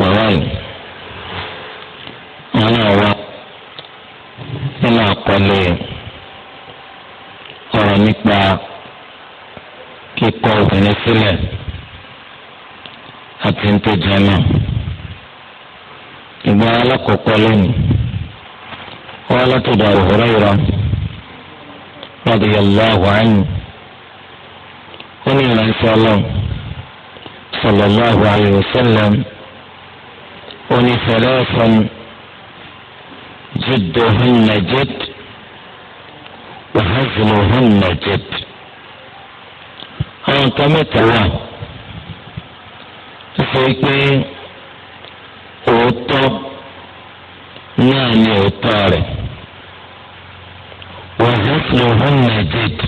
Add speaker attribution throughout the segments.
Speaker 1: gbà wáyé wọn náà wá nínú àkọlé ọ̀rọ̀ nípa kíkọ̀ obìnrin sílẹ̀ àti ntòjọ náà ìgbà alákọ̀ọ́kọ́ lónìí wọn látọ̀dọ̀ Abu Hurairah radiyallahu anhu ó ní ìránṣẹ́ ọlọ́run sallallahu alayhi wa sallam. أني salasan jidduhunna jidd wa hazluhunna jidd àwọn nǹkan mẹ́ta wà ó sọ pé òótọ́ náà ni òótọ́ rẹ̀ wa hazluhunna jidd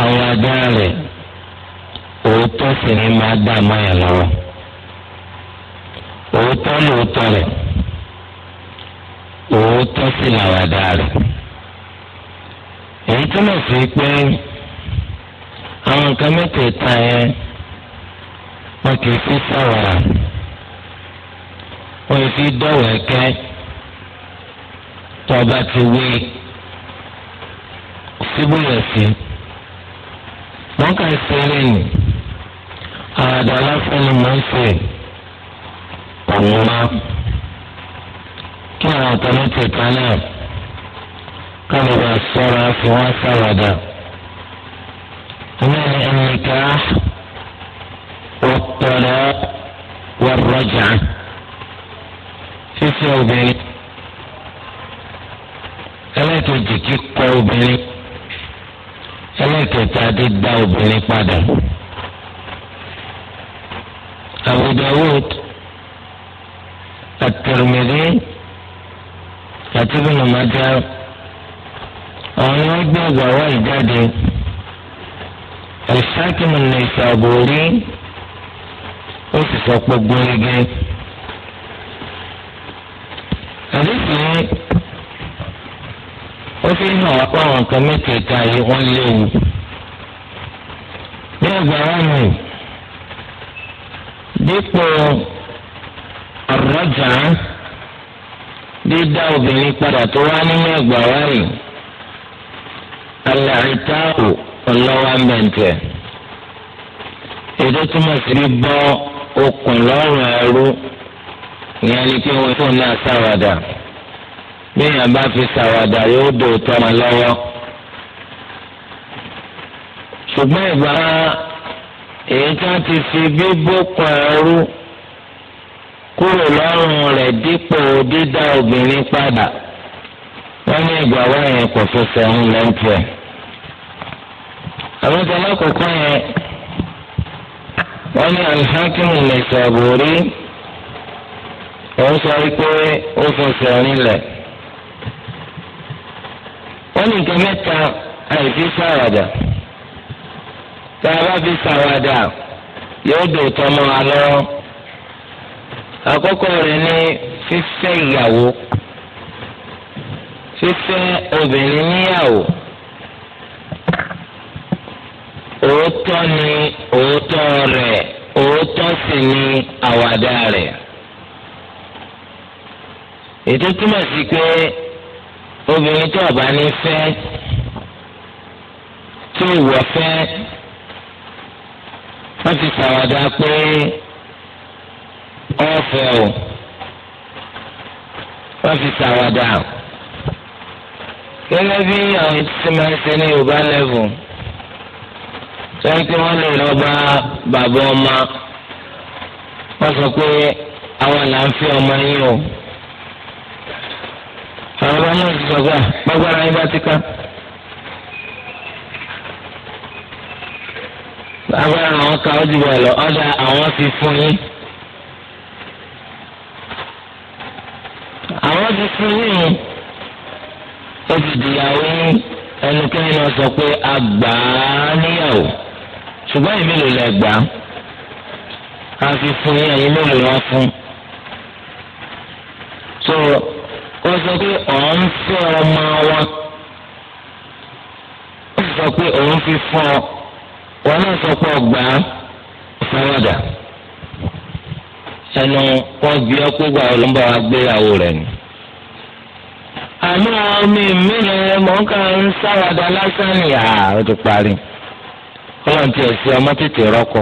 Speaker 1: àwọn adá rẹ̀ òótọ́ sì ni máa dá mọ́yà lọ́wọ́ òótọ́ lóòótọ́ rẹ̀ òótọ́ sí làwàdà rẹ̀ èyí túmọ̀ sí pé àwọn nǹkan mẹ́tẹ̀ẹ̀ta yẹn wọn kì í fi sáwàrà wọn kì í fi dọ̀wọ̀ ẹ̀kẹ́ tó ọba ti wé síbúlẹ̀ sí wọn kà ń ṣeré yìí àwàdà lásán ni mò ń ṣe papọ̀ mọ́ kí àwọn kan mẹ́tẹ̀ẹ̀ta náà káwọn bá sọ́ra fún wọn sáwàdà. إنما النكاح والطلاق والرجعة في ثوبين ẹlẹ́kẹ̀jì kíkọ̀ obìnrin ẹlẹ́kẹ̀ta dídá obìnrin padà. Abu Dawud at-Tirmidhi àti Ibn Majah àwọn ni wọ́n gbé ọgbà wá ìjáde al-Hakim an-Naysaburi ó sì sọ pé gbórígé àdéhùn yìí ó fi hàn wá pé àwọn nǹkan ọjà dídá obìnrin padà tó wá nínú ẹgbà wáyé alàrítáàwò ọlọ́wà mẹ́ǹtẹ̀ èdè túmọ̀ sí bọ́ okùn lọ́rùn ẹrú ìyẹn ni pé wọ́n fún náà ṣàwàdà bí èèyàn bá fi ṣàwàdà yóò dò tọ́mọ lọ́wọ́ ṣùgbọ́n ìgbà èyí tí wọ́n ti fi bí bókun ẹrú. kúrò lọ́rùn rẹ̀ dípò dídá obìnrin padà wọ́n ní ìgbà wá yẹn kò fẹsẹ̀ ń lẹ́ńtẹ̀. àwọn ìtàn àkọ́kọ́ yẹn wọ́n ní alhakimu nisaburi òun sọ wípé ó fẹsẹ̀ rinlẹ̀. wọ́n ní nǹkan mẹ́ta àìfi sàwàdà tá a bá fi sàwàdà yóò dòótọ́ mọ́ wa àkọ́kọ́ rẹ̀ ní fífẹ́ ìyàwó fífẹ́ obìnrin níyàwó òótọ́ ni òótọ́ rẹ̀ òótọ́ sì ni àwàdà rẹ̀ ètò túmọ̀ sí pé obìnrin tó ọba ní fẹ́ tó wọ̀ fẹ́ wọ́n ti ṣàwàdà pé. ọ̀fẹ́ o wọ́n fi ṣàwádà gẹ́gẹ́ bí àwọn ti máa ní yorùbá lẹ́vù sọ́yìn pé lè lọ bàbá ọmọ wọ́n sọ pé àwọn là ń fi ọmọ yín o
Speaker 2: àwọn bá náà ti sọgbà ah, gbàgbára yín bá ti ká.
Speaker 1: agbára àwọn ká ó dìbò ẹ̀ lọ àwọn ti fún yín ó ti dìyàwó yín ẹnikẹ́ni náà sọ pé a gbà á níyàwó ṣùgbọ́n èmi ló lẹ gbà á fi fún yín ẹ̀yin mélòó wọn fún. so ó sọ pé òun fẹ́ ọmọ wọn ó sì sọ pé òun fi fún ọ wọn náà sọ pé ọgbà á fọwọ́dà. ẹnu wọn bí ọkọ gba ọlọmọba wa rẹ ni. àmọ́ mi mìíràn mọ̀ ń kàn ń sáwàdà lásán ni àá ó ti parí. ọlọ́run ti ẹsẹ ọmọ tètè rọ́kọ.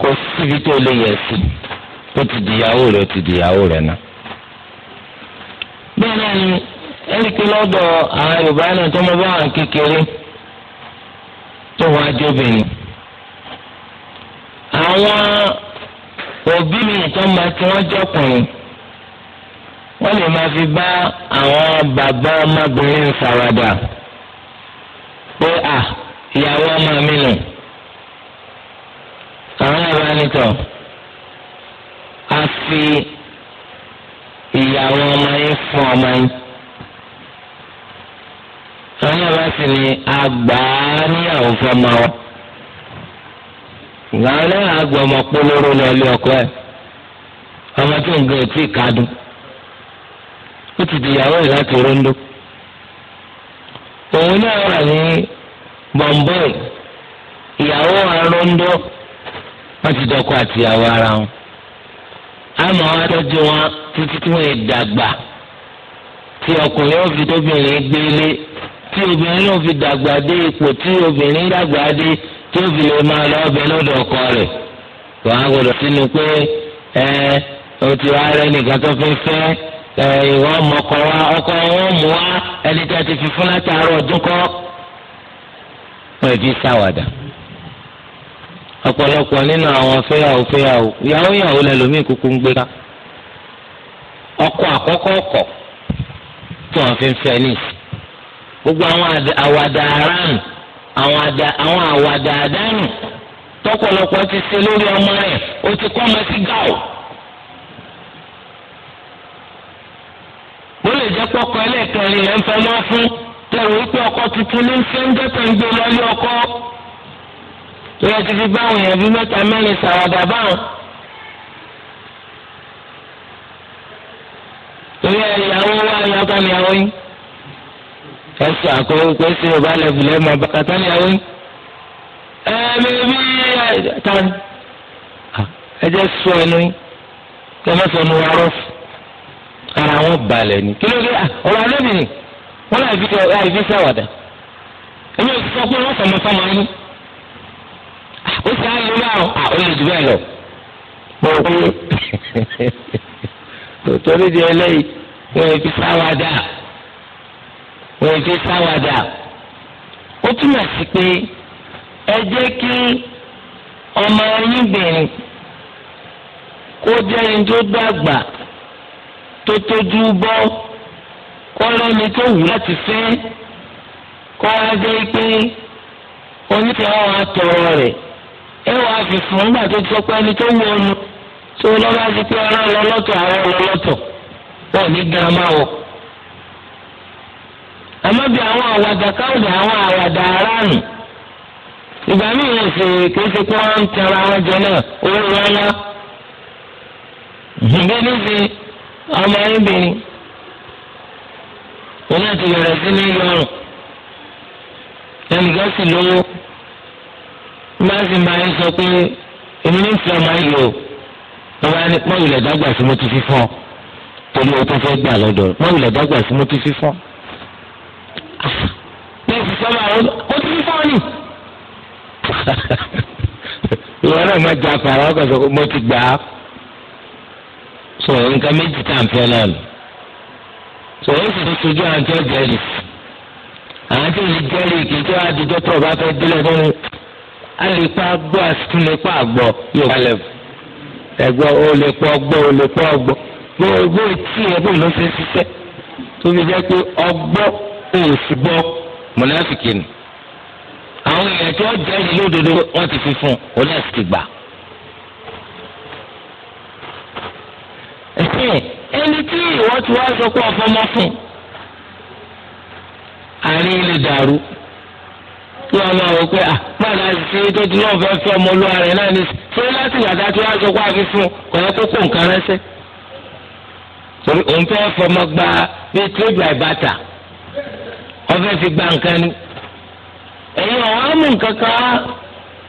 Speaker 1: kò síbi tó lè yẹ̀ sí ó ti dìyàwó rẹ ó ti dìyàwó rẹ náà. bẹ́ẹ̀ náà ni lọ́dọ̀ àwọn yorùbá náà àwọn òbí mi nìkan máa tí wọ́n jọkùnrin wọ́n lè máa fi bá àwọn bàbá ọmọbìnrin ṣàwàdà pé à ìyàwó ọmọ mi nù àwọn ẹ̀rọ nìtọ̀ a fi ìyàwó ọmọ yín fún ọmọ yín àwọn ẹ̀rọ sì ni a gbà á níyàwó fún ọmọ wa. ìgbà wọn náà àgbà ọmọ polówó lọ ilé ọkọ ẹ ọmọ tó ń gbé etí ìkádùn ó ti di ìyàwó rẹ̀ láti rondo òun náà wà ní bọ̀m̀bọ̀ì ìyàwó arondo wọ́n ti àtìyàwó ara wọn àmọ́ wọn wọn títí tí dàgbà tí ọkùnrin tí ó fi lè máa lọ lọ́dọ̀ ọkọ rẹ̀ kò á gbọdọ̀ sínú pé ẹ o ti wá rẹ nìkan tó fi fẹ́ ẹ ìwọ wa ọkọ wọn mú wa ẹni tí a ti fi fún látàárọ̀ ọdún kọ́ wọn fi ọ̀pọ̀lọpọ̀ nínú àwọn fẹ́yàwó fẹ́yàwó ìyàwó ìyàwó ọkọ àkọ́kọ́ tí wọ́n fi ń fẹ́ àwọn àwàdà àdánù tọ̀pọ̀lọpọ̀ ti ṣe lórí ọmọ rẹ̀ ó ti kọ́ ọmọ sí gáò. ó lè jẹ́ pọ́kọ ẹlẹ́ẹ̀kẹrin lẹ́ ń fẹ́ mọ́ fún tẹ̀rù wípé ọkọ tuntun ní sẹ́ńdẹ́ tó ń gbé lọ́lé ọkọ. lọ́wọ́ ti fi báwọn èèyàn bíi mẹ́ta mẹ́rin ṣàwàdà báwọn. torí ẹ̀yàwó wa ìyàtọ̀ ni àwọn yìí ẹsẹ akọwé pé ṣé o bá lẹbi lẹmọ bàkàtà ni àwọn ẹmí bí tán ẹjẹ sọ ẹnu yín kẹmẹsàn ní wàá rọfù ara wọn balẹ̀ ni kí ló dé ọ̀rọ̀ alẹ́bí ni wọn láì fi ṣe láì fi ṣe àwàdà èmi ò sọ pé wọn sọmọ sọmọ yín ó sì á lè wá ọ olùdí bẹ́ẹ̀ lọ mo rò pé tòtòrí di eléyìí wọn fi ṣe wọ́n èké sáwádà ó túmọ̀ sí pé ẹ jẹ́ kí ọmọ ẹyìnbìnrin kó jẹ́ ẹni tó dàgbà tó tójú bọ́ kọ́ lẹ́ni tó wù láti fẹ́ kọ́ ẹ pé onífẹ́ wọn tọrọ rẹ̀ ẹ fi fún tó ẹni tó àmọ́ bí àwọn àwàdà káwùdà àwọn àwàdà aráàlú ìgbà míì yẹn ṣe kéṣe kí wọ́n ń tẹ̀ra wọn jẹ náà owó rárá. ìgbẹ́ níbi ọmọ ẹ̀ńbìnrin wọn náà ti bẹ̀rẹ̀ sí ní yọrùn ẹnìkan sì lówó máa sì máa ń sọ pé èmi ní ìfẹ́ ọmọ yìí o bàbá ni pọ́ùlẹ̀ dàgbà sí mo fífọ́ torí o tó fẹ́ gbà lọ́dọ̀ pọ́ùlẹ̀ dàgbà sí mo fífọ́ lẹ́sìn sọ́mà àwọn kò tí ń fọ́ ni. ìwọ náà má jà pàrọ̀ ọkọ̀ sọ pé mo ti gbà á. sọ nǹkan méjì tá à ń fẹ́ náà nù. sọ yóò sì sojú àwọn tí ó jẹ́rìí. àwọn tí ìlú jẹ́rìí kì í tó àdìjọ́ tó o fẹ́ délẹ̀ fún mi. a lè pa gbọ́ àti lè pa àgbọ̀ yóò wá fún. ẹ̀gbọ́n o lè pọ̀ ọgbọ́n o tí ẹ bó o lọ ṣiṣẹ́. tó fi jẹ́ pé ọgbọ́n o sì gbọ́ mọ̀nàfìkì ni àwọn èèyàn tí wọ́n jẹ́rìí lódodo wọ́n ti fi fún un òun náà sì ti gbà. ẹni tí ìwọ ti wá sọ pé ọ̀fọ́ mọ́ fún àárín ilé dàrú kí wọ́n máa wọ pé àpáàdà ṣe tó ti náà fẹ́ fẹ́ ọmọ olúwa rẹ̀ náà ní ṣé láti ìgbà tí wọ́n sọ pé àfi fún kò yẹ kó kó nǹkan rẹ́sẹ̀ torí òun fẹ́ fọmọ gba bíi tírébù àìbàtà. ọfẹ́ fi gba nǹkan ni ẹ̀yin ọ̀hún á nǹkan ká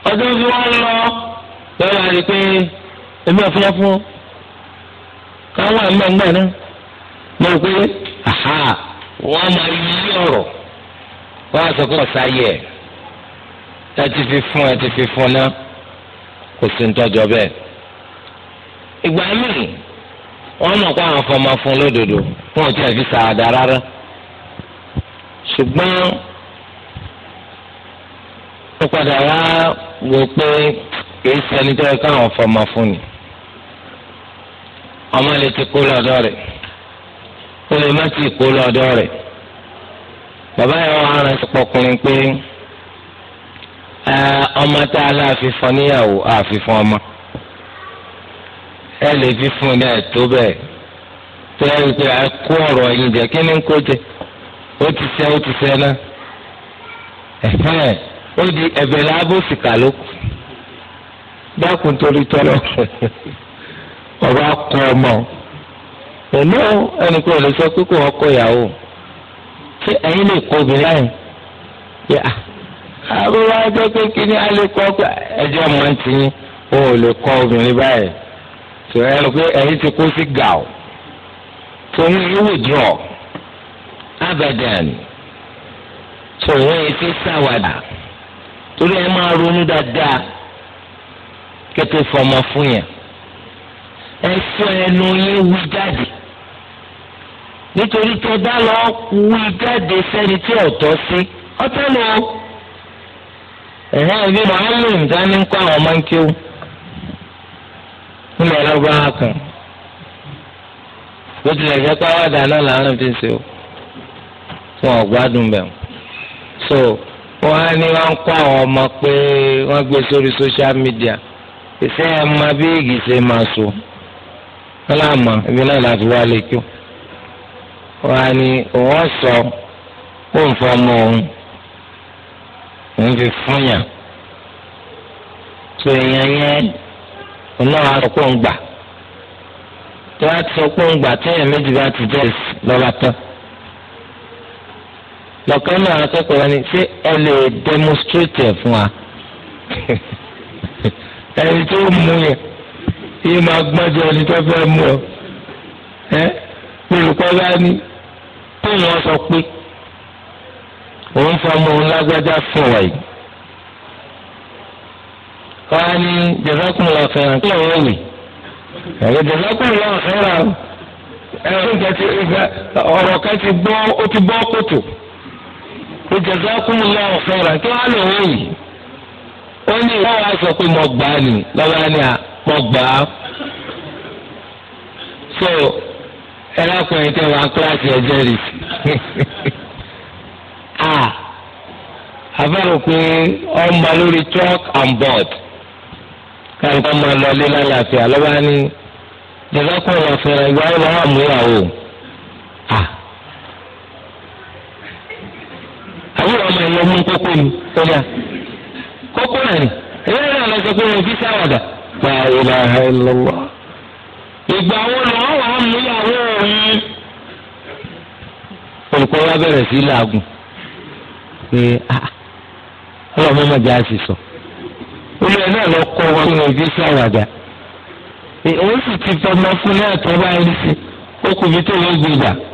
Speaker 1: ọdún fi wá lọ pé èmi ò káwọn àmọ́ ń náà mo rò pé wọ́n máa yí ọ̀rọ̀ wọ́n á sọ pé yẹ ẹ ti fi fún ẹ ti fi fún kò sí ń ṣùgbọ́n ó padà wá wò pé kìí sẹni tó yẹ káwọn fọmọ fún ni ọmọ lè ti kó lọ́dọ̀ rẹ̀ ó lè má ti kó lọ́dọ̀ rẹ̀ bàbá yẹn wọ́n ara ti pọkùnrin pé ọmọ tá a láàfin fún níyàwó àfin fún ọmọ ẹ lè fi fún ní ẹ̀tọ́ bẹ́ẹ̀ tó yẹ kó ẹ kó jẹ kí ni ń kó jẹ ó ti sẹ́ ó ti sẹ́ náà ẹ̀hẹ́n ó di ẹ̀bẹ̀ lábòsì kàlókù dákun torí tọ́lọ̀ ọba kọ ọmọ pẹ̀lú ẹnìkan ò lè sọ pé kò wọ́n kọ ìyàwó ṣé ẹ̀yin lè kọ obìnrin láyìn yà àbúrò ajọ́ pé kí ni lè kọ́ pé ẹjọ́ mọ̀ ń tiyín o ò lè kọ obìnrin báyìí tó ẹ rò pé ẹ̀yin ti kó sí gàù tó ń yíwò jọ. abadan sọ̀rọ̀ onye fi ṣàwàdà torí ẹ máa ronú dáadáa kẹ́tọ́ fọmọ fún yẹn ẹ sọ ẹnu yín wí jáde nítorí tó dá lọ wí jáde sẹ́ni tí ọ̀tọ̀ sí ọtọ́ lọ ẹ̀hẹ́n ìbí mọ̀ọ́lùm dání ń kọ́ àwọn ọmọ ń kéwù nílẹ̀ ọlọ́gbọ́n kan lójú ẹ̀jẹ̀ pé àwọn àdáná làwọn fi ń ṣe o. wọn ò gbádùn bẹ̀ so wọn á ní wọn kọ́ àwọn ọmọ pé wọ́n gbé sórí social media ìṣe ẹ̀ máa bí èyí ṣe máa so wọn là mọ̀ ibi náà láti wá lè kí wọn á ní òun sọ kó n fọmọ òun òun fi fún yàn so èèyàn yẹn òun náà á sọ pé òun gbà tí wọ́n á ti sọ pé òun gbà tí èèyàn méjì bá ti jẹ́ lọ́la tán lọ́kàn náà akẹ́kọ̀ọ́ ni ṣé ẹ lè demonstrate ẹ̀ fún wa ẹni tó mú yẹ kí ẹ máa gbọ́njọ ẹni tó fẹ́ mú ọ ẹ olùkọ́ bá ní tóyìn ọsọ pé òun fọmọ òun lágbájá fún wa yìí wọ́n á ní jẹ̀fọ́kùnrin ọ̀fẹ́ràn kí òun wì ẹ̀rọ jẹ̀fọ́kùnrin ọ̀fẹ́ràn ẹ̀rọ ìjẹ́ ti ọ̀rọ̀ kan ti gbọ́ ó ti gbọ́ kòtò pé jazakumullahu khairan kí wọ́n á lò wọ́n yìí ó ní ìwọ́n wá sọ pé mo gbà á nì lọ́wọ́ ni à mo gbà á. so ẹ lákùnrin tẹ wá kíláàsì ẹjẹ rì sí. àbẹ̀rù pé ọmọ lórí truck and board káàkiri ọmọ lọlé lálàáfíà lọ́wọ́ ni jazakumullahu khairan ìgbà wo lọ́wọ́ àmúyàwó. àbúrò ọmọ ẹ̀yọ mú kókó ni ọjà kókó náà ni èyí náà lọ sọ pé wọn fi sáwàdà la ilaha illallah. ìgbà wo lọ wà á mú ìyàwó òun. olùkọ́ wa bẹ̀rẹ̀ sí làágùn pé ọlọ́mọ mọ̀já sì sọ. olú ẹ̀ náà lọ kọ́ wa fún ẹbí sáwàdà. òun sì ti tọmọ fún ní àtọ́wá ẹni ó kù bí tó wọ́n gbé gbà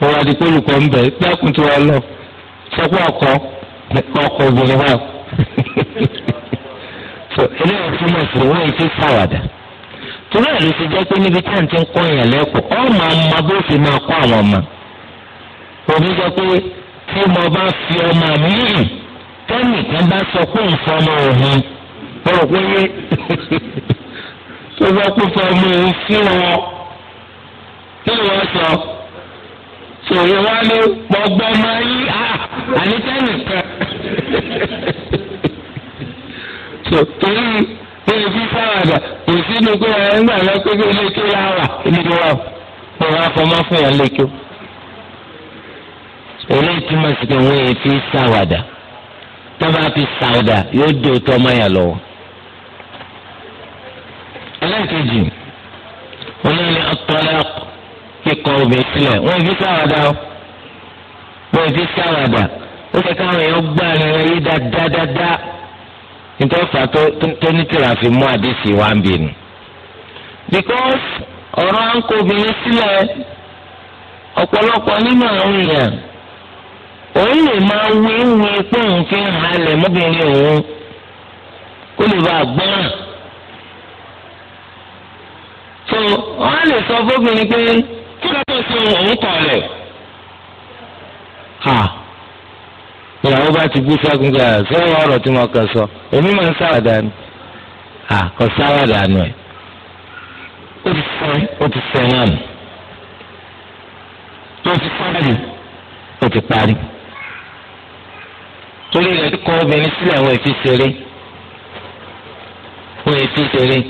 Speaker 1: wọn wá di pé olùkọ́ ń bẹ̀ bí akùntì wọn lọ sọ pé ọkọ ọkọ obìnrin wa so eléyìí túmọ̀ sí wọn èyí ti sàwàdà torí ẹ̀ ló ti jẹ́ pé níbi tí à ń ti ń kọ́ yẹn lẹ́kọ̀ọ́ ọ máa ma bó ṣe máa kọ́ àwọn ọmọ òní jẹ́ pé tí mo bá fi ọmọ mi rìn tẹ́nìkan bá sọ pé nǹkan ọmọ òun bọ̀rọ̀ pé yé tó bá pé fọmọ òun fún ọ kí wọ́n sọ. òye wá ní gbọgbọ máa yí àníkẹ́yìn kan. torí bí ebi sáwàdà kò sínú pé ẹ ń gbà lọ pé kí ilé kí la wà níbi wa ò wá fọmọ fún yàn lẹ́kọ́. eléyìí túmọ̀ sí pé wọ́n yẹn fi sáwàdà tó fi sáwàdà yóò dé mọ́ yàn lọ́wọ́. ẹlẹ́ẹ̀kejì. kíkọ obìnrin sílẹ̀ wọ́n fi sáwàdà ó wọ́n fi sáwàdà ó fẹ́ káwọn èèyàn gbá ara yé dáadáa nítorí fà tó ní tìrà fi mú àdìsí wá ń bì nù. because ọ̀rọ̀ à ń kọ obìnrin sílẹ̀ ọ̀pọ̀lọpọ̀ nínú àwọn èèyàn òun lè máa wí wí pé òun fi ń halẹ̀ mọ́bìnrin òun kó lè bá a gbọ́ràn so wọn lè sọ fóbìnrin pé nǹkan tó ṣe òun kọ̀ lẹ̀. ìyàwó bá ti bú ságun gbà sọ́wọ́ ọ̀rọ̀ tí mo kàn sọ èmi máa ń sáwàdà ni kò sáwàdà nù ẹ̀ ó ti sẹ́yìn ó ti sẹ́yìn àná tó ti parí ó ti parí torí rẹ̀ kọ́ obìnrin sílẹ̀ wọ́n fi ṣeré wọ́n fi ṣeré.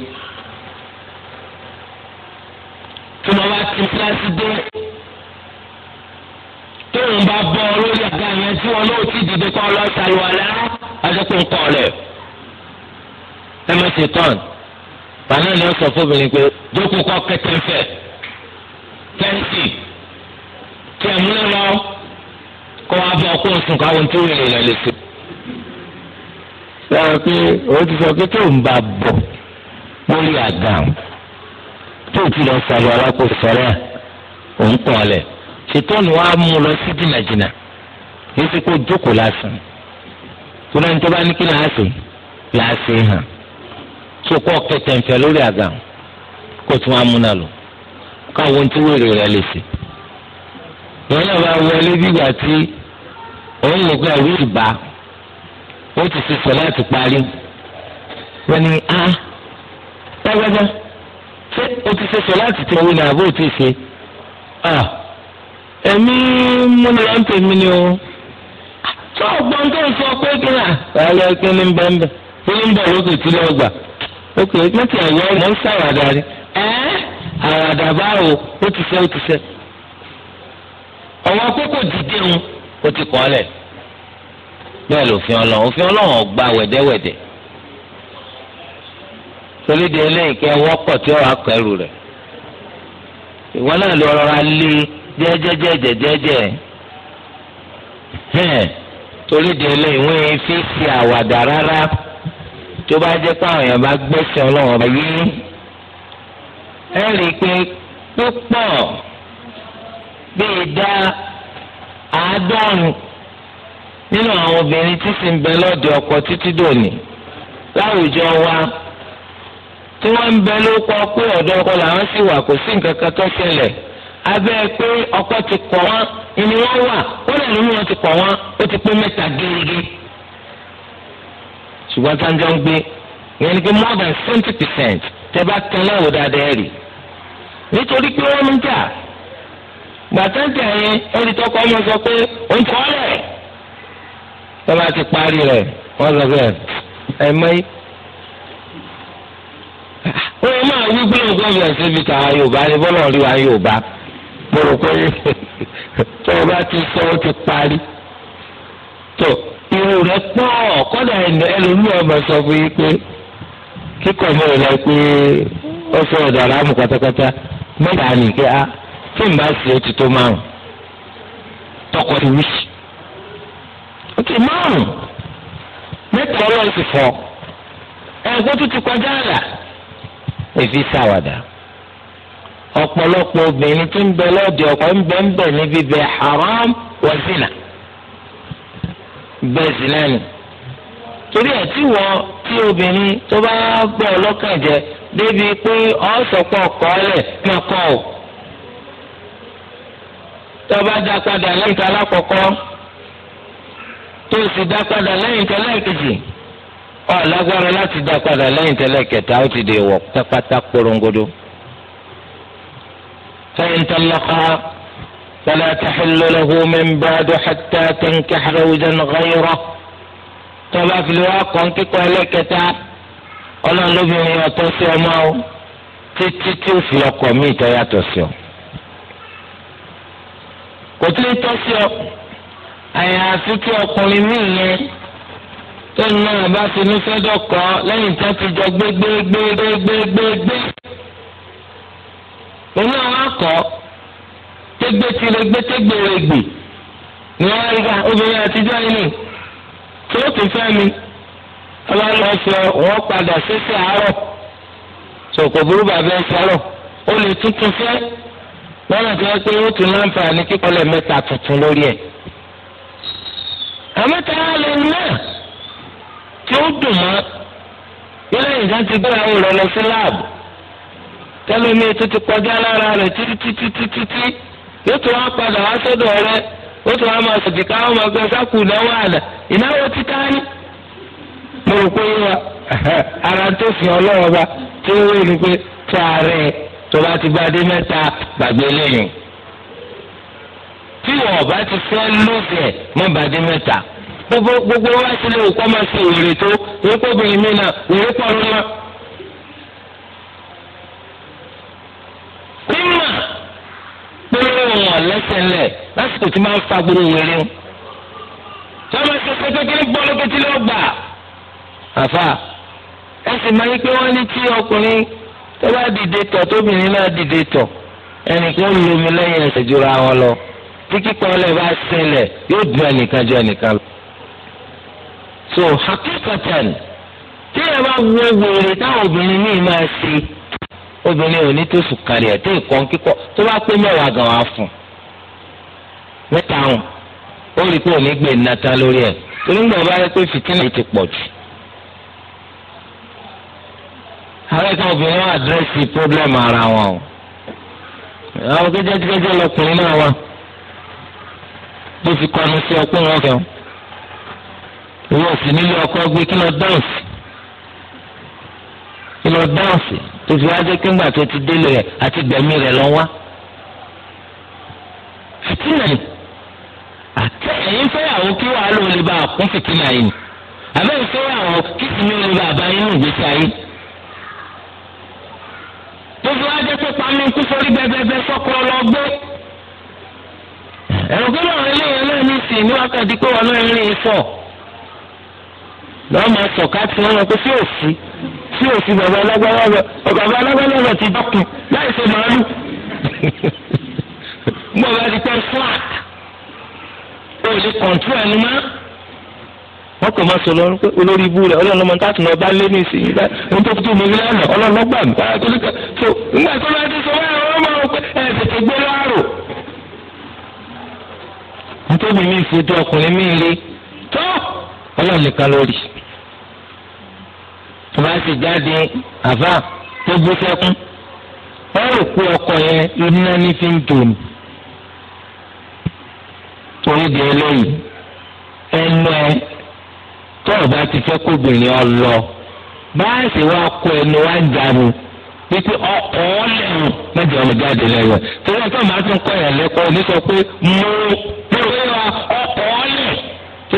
Speaker 1: tí mo bá ti kíláàsì dé tóun bá bọ́ ọ lórí àga yẹn tí wọn lóò ti dìde kọ́ ọ lọ sàlùwàlá àdékù ń kọ́ ọ̀lẹ̀ ẹ má ṣe tán bàánà ni ó sọ fóbìnrin pé jókòó kọ́ kẹtẹ́fẹ̀ fẹ́ǹsì tí ẹ̀ múlẹ̀ lọ kọ́ wa bọ̀ kó sùn káwọn tó rìn rìn lè sùn. sọ o ti sọ pé tóun bá bọ̀ lórí àga wọn tó ti lọ sàlù alákòóso sọ̀rọ̀ òun pọ̀ ọ̀lẹ̀ ṣètọ́nù wa mú lọ sí jìnnàjìnnà yìí sì kó jókòó lásán tó náà ní tó bá ní kí náà ṣe láàṣẹ hàn tó kọ́ kẹtẹ̀ǹfẹ̀ lórí àga kó tún wa mú náà lọ káwọn tí wèrè rẹ lè ṣe. ìwọ náà bá wọlé bígbà tí òun lè gba ìwé ìbá ó ti ṣe sọ láti parí wọ́n ní á ah, dágbájá ṣé o ti ṣe sọ láti ti owó ní àbó ò ti ṣe ẹ̀mí múnira ń tèmi ni o tó o gbọ́n tó ń sọ pé kí náà wàhálà kí ni ń bẹ́ ń bẹ́ kí ni ń bẹ̀ lókè tí lọ́ọ́ gbà ok mẹ́tì ẹ̀yọ́ mọ̀ ń ṣàwàdà rí ẹ́ àwàdà báwo ó ti ṣe ó ti ṣe ọ̀wọ́n kókò dìde ń ó ti kọ́ lẹ̀ bẹ́ẹ̀ lòfin ọlọ́run òfin ọlọ́run ọgbà wẹ̀dẹ́wẹ̀dẹ́ torí de eléyìí kẹ wọ́pọ̀ tí wọ́n akẹ́rù rẹ̀ ìwọ náà lọ rọra lé jẹ́jẹ́jẹ́jẹ́jẹ́ hẹ́n torí de eléyìí wọ́n yẹn fi ṣe àwàdà rárá tó bá jẹ́ pé àwọn èèyàn bá gbẹ́sẹ̀ ọlọ́wọ́n bá yí ẹ rí i pé púpọ̀ bíi dá àádọ́rùn nínú àwọn obìnrin tí sì ń bẹ lọ́dọ̀ ọkọ títí dòní láwùjọ wa. tí wọ́n ń bẹ ló ọkọ pé ọ̀dọ́ ọkọ làwọn sì wà kò sí nǹkan kan tó abẹ́ pé ọkọ ti kọ̀ wọ́n wọ́n wà ó lè lóyún wọn ti ó ti pé mẹta gẹ́gẹ́. ṣùgbọ́n sáńjọ́ ń gbé yẹn ni pé more than seventy percent tẹ bá tẹ dáadáa rí nítorí oye máa wí gbọ́dọ̀ yorùbá ni bọ́lá wa yorùbá pé tó o bá ti sọ ti parí tó rẹ pọ̀ kọ́dà ẹlòmíràn ọmọ sọ fún yín pé kíkọ́ mi ò lọ pé ó sọ pátápátá mẹ́ta ni kí a tí n bá ó ti tó márùn tọkọ ti wí pè fi ṣàwàdà ọ̀pọ̀lọpọ̀ obìnrin tí ń bẹ lọ́dẹ ọkọ ń bẹ ń bẹ ní bíbẹ haram wọ zina bẹ́ẹ̀ sì náà nì torí ẹ̀ tí wọ́n tí obìnrin tó bá gbọ́ ọlọ́kàn jẹ débi pé ọ̀sọ̀pọ̀ ọkọ̀ rẹ̀ máa kọ́ ọ tó bá dá padà lẹ́yìn tó alákọ̀ọ́kọ́ tó sì dá padà lẹ́yìn tó lẹ́ẹ̀kejì ọ lágbára láti dá padà lẹ́yìn tẹ́lẹ̀ kẹta ó ti dè wọ̀ pátápátá korongodo. فإن طلقها فلا تحل له من بعد حتى تنكح زوجا غيره tọ́ba fìlíwá kan kíkọ́ ẹlẹ́kẹta ọlọ́run lóbìnrin ọ̀tọ́ sí ọmọ o títí tí ó fi ọkọ mi ìtọ́ sí ọ. kò tí ń tọ́ sí ọ àyàfi tí ọkùnrin míì yẹn tóun náà bá ti ní sọ́jọ́ kan lẹ́yìn tí wọ́n ti jọ gbégbégbégbégbé. òun náà wá kọ́ tégbétilégbétégbèrègbè ni wọ́n rí ká obìnrin àtijọ́ yìí nì tí ó tún fẹ́ mi ọba lọ fẹ wọn padà sẹsẹ àárọ̀ sọkò burú bàbá ẹ sọ̀rọ̀ ó lè tuntun fẹ́ wọn àti wọn pé ó tún láǹfààní kíkọlẹ mẹ́ta tuntun lórí ẹ̀ àmọ́ tá a lè rí náà. tí ó dùn mọ́ yálà ìjà ti gbéyàwó rẹ lọ sí láàbù tẹlifíní tó ti kọjá lára rẹ títítítítítí yóò tún padà wá sọ́dọ̀ rẹ ó tún máa sọ̀tì ká wọn máa gbé sákù náwó àlà ìnáwó títà ní. mo rò pé ara tó fi ọlọ́wọ́ bá tí ó pé tí tó bá ti bá dé mẹ́ta gbàgbé lẹ́yìn tí wọn ti fẹ́ lóṣẹ̀ mọ́ bá dé mẹ́ta. gbogbo gbogbo wa ti lè kọ́ máa ṣe wèrè tó wọ́n kó obìnrin mi náà wèrè pọ̀ lọ́wọ́. mímà gbogbo wọn lẹ́sẹ̀ ńlẹ̀ lásìkò tí máa ń fa gbogbo wèrè ń. sọ́mọ ṣẹṣẹ kékeré gbọ́ lókè tí ló gbà. àfà ẹ sì máa ń pé wọ́n ní tí ọkùnrin tó bá dìde tọ̀ tóbìnrin náà dìde tọ̀ ẹnìkan lẹ́yìn jura wọn lọ tí kíkọ́ bá yóò dùn ẹnìkan ju ẹnìkan lọ. so hakikatan tí ẹ bá wo wèrè táwọn obìnrin míì máa ṣe obìnrin ò ní tó sùn kárí ẹ tí ìkọ́ kíkọ́ tó bá pé mẹ́wàá gan wá fún mẹ́ta hàn ó rí i pé òní gbé nata lórí ẹ̀ torí ńgbà bá yẹ pé fìtínà yìí ti pọ̀ jù. àwọn ìtàn obìnrin wọn àdírẹ́sì pọ́blẹ́mù ara wọn o àwọn kẹjẹkẹjẹ lọkùnrin náà wà tó fi kọnu sí ọpọ́n wọn ìwọ sì nílé ọkọ gbé kí lọ dáǹsì kí lọ dáǹsì tó fi wá jẹ́ kí ńgbà tó ti délé rẹ̀ àti gbẹ̀mí rẹ̀ lọ wá. fìtínà yìí àti ẹ̀yin fẹ́yàwó kí wàá lò lè bá a kún fìtínà yìí ni àbẹ́yìn fẹ́yàwó kí sinmi lè bá a bá yín nù gbèsè ayé. tó fi wá jẹ́ pé pami kú sórí bẹ́ẹ̀bẹ́ẹ́ sọ́kọ́ lọ gbé. ẹ̀rọ gbọ́dọ̀ rẹ̀ lẹ́yìn ẹlẹ́ni sì ní wákàtí pé wọn náà ń rí i fọ̀. lọ́wọ́ máa sọ káàtì wọn sí òsì sí òsì bàbá alágbára bàbá alágbára dọ́kun láì ṣe màálù. mo bá flat o lè kọ̀ǹtú ẹnu mọ́ wọ́n máa sọ lọ́rùn pé olórí ibú rẹ̀ ọlọ́run lé ní ìsinyìí ọlọ́run so nígbà tó bá ti sọ máa ń pẹ́ ẹ̀ tètè gbé láàrò. tó bá sì jáde àfa tó gbé sẹ́kún wọ́n rò pé ọkọ̀ yẹn iná ní fi ń tòun torí di eléyìí ẹnu ẹ tó o bá ti fẹ́ kóbìnrin ọ lọ báyìí wá kó ẹnu wá ń jáde títí ọkọ̀ lẹ́nu mẹ́jọ ọmọ jáde lẹ́yìn torí ẹ̀ tó máa tún kọ́ yẹn lẹ́kọ̀ọ́ ní sọ pé mo mo rí wa ọkọ̀ lẹ́nu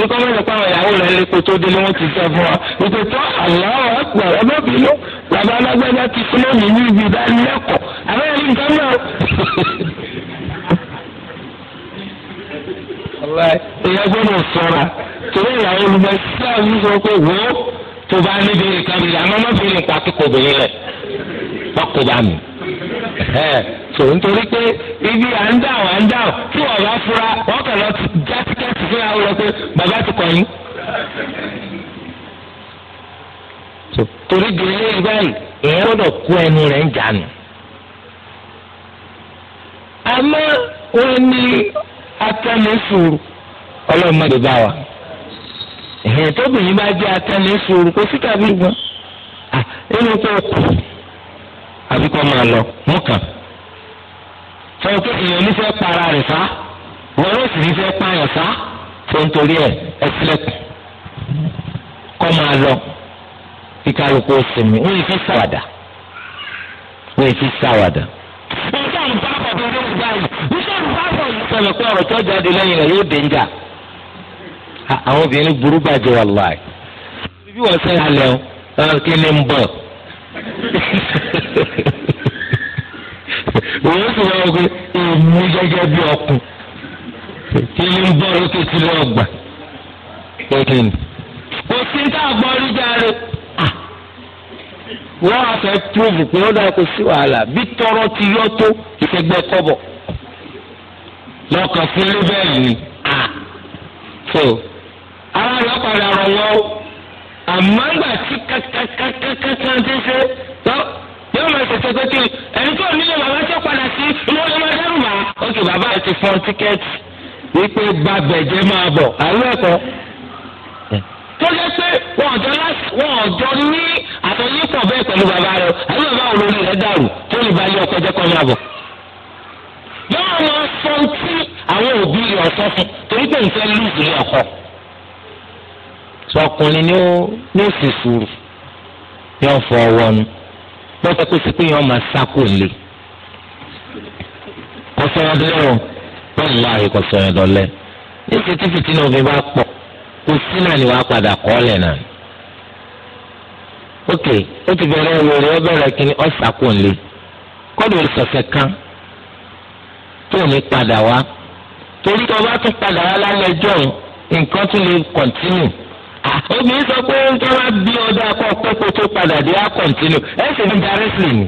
Speaker 1: torí kọ́ mẹ́lẹ̀ pàwọn ìyàwó rẹ̀ lè kó tó délé wọn ti sọ fún wa ètò tó àlọ́ ọ̀pọ̀ ọlọ́bìnú bàbá alágbádá ti fún lónìí ní ibi ìdánilẹ́kọ̀ọ́ abẹ́rẹ́ nǹkan náà. ìyá gbọ́dọ̀ sọ̀ra torí ìyàwó olùgbẹ́ sí àwọn sọ pé wò ó tó bá níbi ìkàbí àmọ́ má fi rìn pàtó kò bèrè rẹ̀ wọ́n kò bá mi. tò ń torí pé ibi à ń dáhùn à ń dáhùn tí wọn bá fura wọn kàn lọ já tíkẹ́ẹ̀tì fún àwọn ọlọ́pẹ́ bàbá ti kọ̀ yín. torí di eléyìí èèyàn gbọ́dọ̀ kó ẹnu rẹ̀ ń jànù. àmọ́ wọn ní atẹnusùúrù ọlọ́mọdé bá wa ẹ̀hìn tóbìnrin bá jẹ́ síta bí gbọ́n. ah tó kù. àbí kọ́ máa lọ mú kàn. sọ pé èèyàn ní fẹ́ para rẹ̀ sá wọn yóò sì ní fẹ́ pààyàn sá tó ń torí ẹ̀ ẹ sílẹ̀kùn kọ́ máa lọ kí kálukú sinmi wọ́n yìí fi ṣàwàdà wọ́n yìí fi ṣàwàdà. ìṣe ìbáfọ̀ tó ń bá báyìí ìṣe ìbáfọ̀ yìí sọ̀rọ̀ pé ọ̀rọ̀ tó jáde lẹ́yìn rẹ̀ yóò dé ń jà. àwọn obìnrin burú bàjẹ́ wà láì. bí wọ́n sẹ́yìn alẹ́ o kí òun sì wá wọ́n pé èmi gẹ́gẹ́ bí ọkùn tí ń bọ̀ lókè sílẹ̀ ọgbà pẹ̀kìn. kò sí tá a gbọ́ rí járe wọ́n á fẹ́ púrúfù pé ó dáa kó sí wàhálà bí tọrọ ti yọ tó ìfẹ́gbẹ́ kọ́bọ̀ lọ́kàn fún lébẹ́ẹ̀lì ni. so ara rẹ̀ padà wọ́n àmọ́ ńgbà tí kankankankankan ti ṣe tó yóò máa ṣètò pé kí ẹni tó nílé bàbá tó padà sí ló lè máa dẹ́rù bá. ókè bàbá rẹ ti fọn tíkẹ́ẹ̀tì wípé gba bẹ̀jẹ̀ máa bọ̀ àlọ́ ẹ̀kọ́. tó lé pé wọn ọ̀jọ́ wọn ọ̀jọ́ ní àtọ̀yípọ̀ bẹ́ẹ̀ pẹ̀lú bàbá rẹ àbí bàbá olórí rẹ dàrú tó lè bá yẹ ọkọ̀ jẹ́ kọ́ máa bọ̀. yóò máa sọ ti àwọn òbí rẹ̀ ọ̀sọ́ fún torí pé sọkùnrin ni ó ní òsì sùúrù yóò fọ ọwọ́ nu lọ́sọ̀ pé sípé yóò máa sáko lé kọsọ̀rọ̀ dọ́lẹ́ o bẹ́ẹ̀ lọ àyè kọsọ̀rọ̀ dọ́lẹ́ ní sẹ́tífìtì náà òfin bá pọ̀ kò sí náà ni wàá padà kọ́ ọ̀lẹ̀ náà ok ó ti bẹ̀rẹ̀ wèrè ó bẹ̀rẹ̀ kínní ó sáko lé kọ́dù ìsọ̀sẹ̀ kan tó ní padà wá torí tó bá tún padà wá lálẹ́ ẹjọ́ nǹkan tún lè kọ̀ntínù. obìnrin sọ pé ń tọ́lá bí ọdọ akọ pẹ́pẹ́ tó padà dé á kọ̀ǹtínú ẹ sì ní darí sí ni.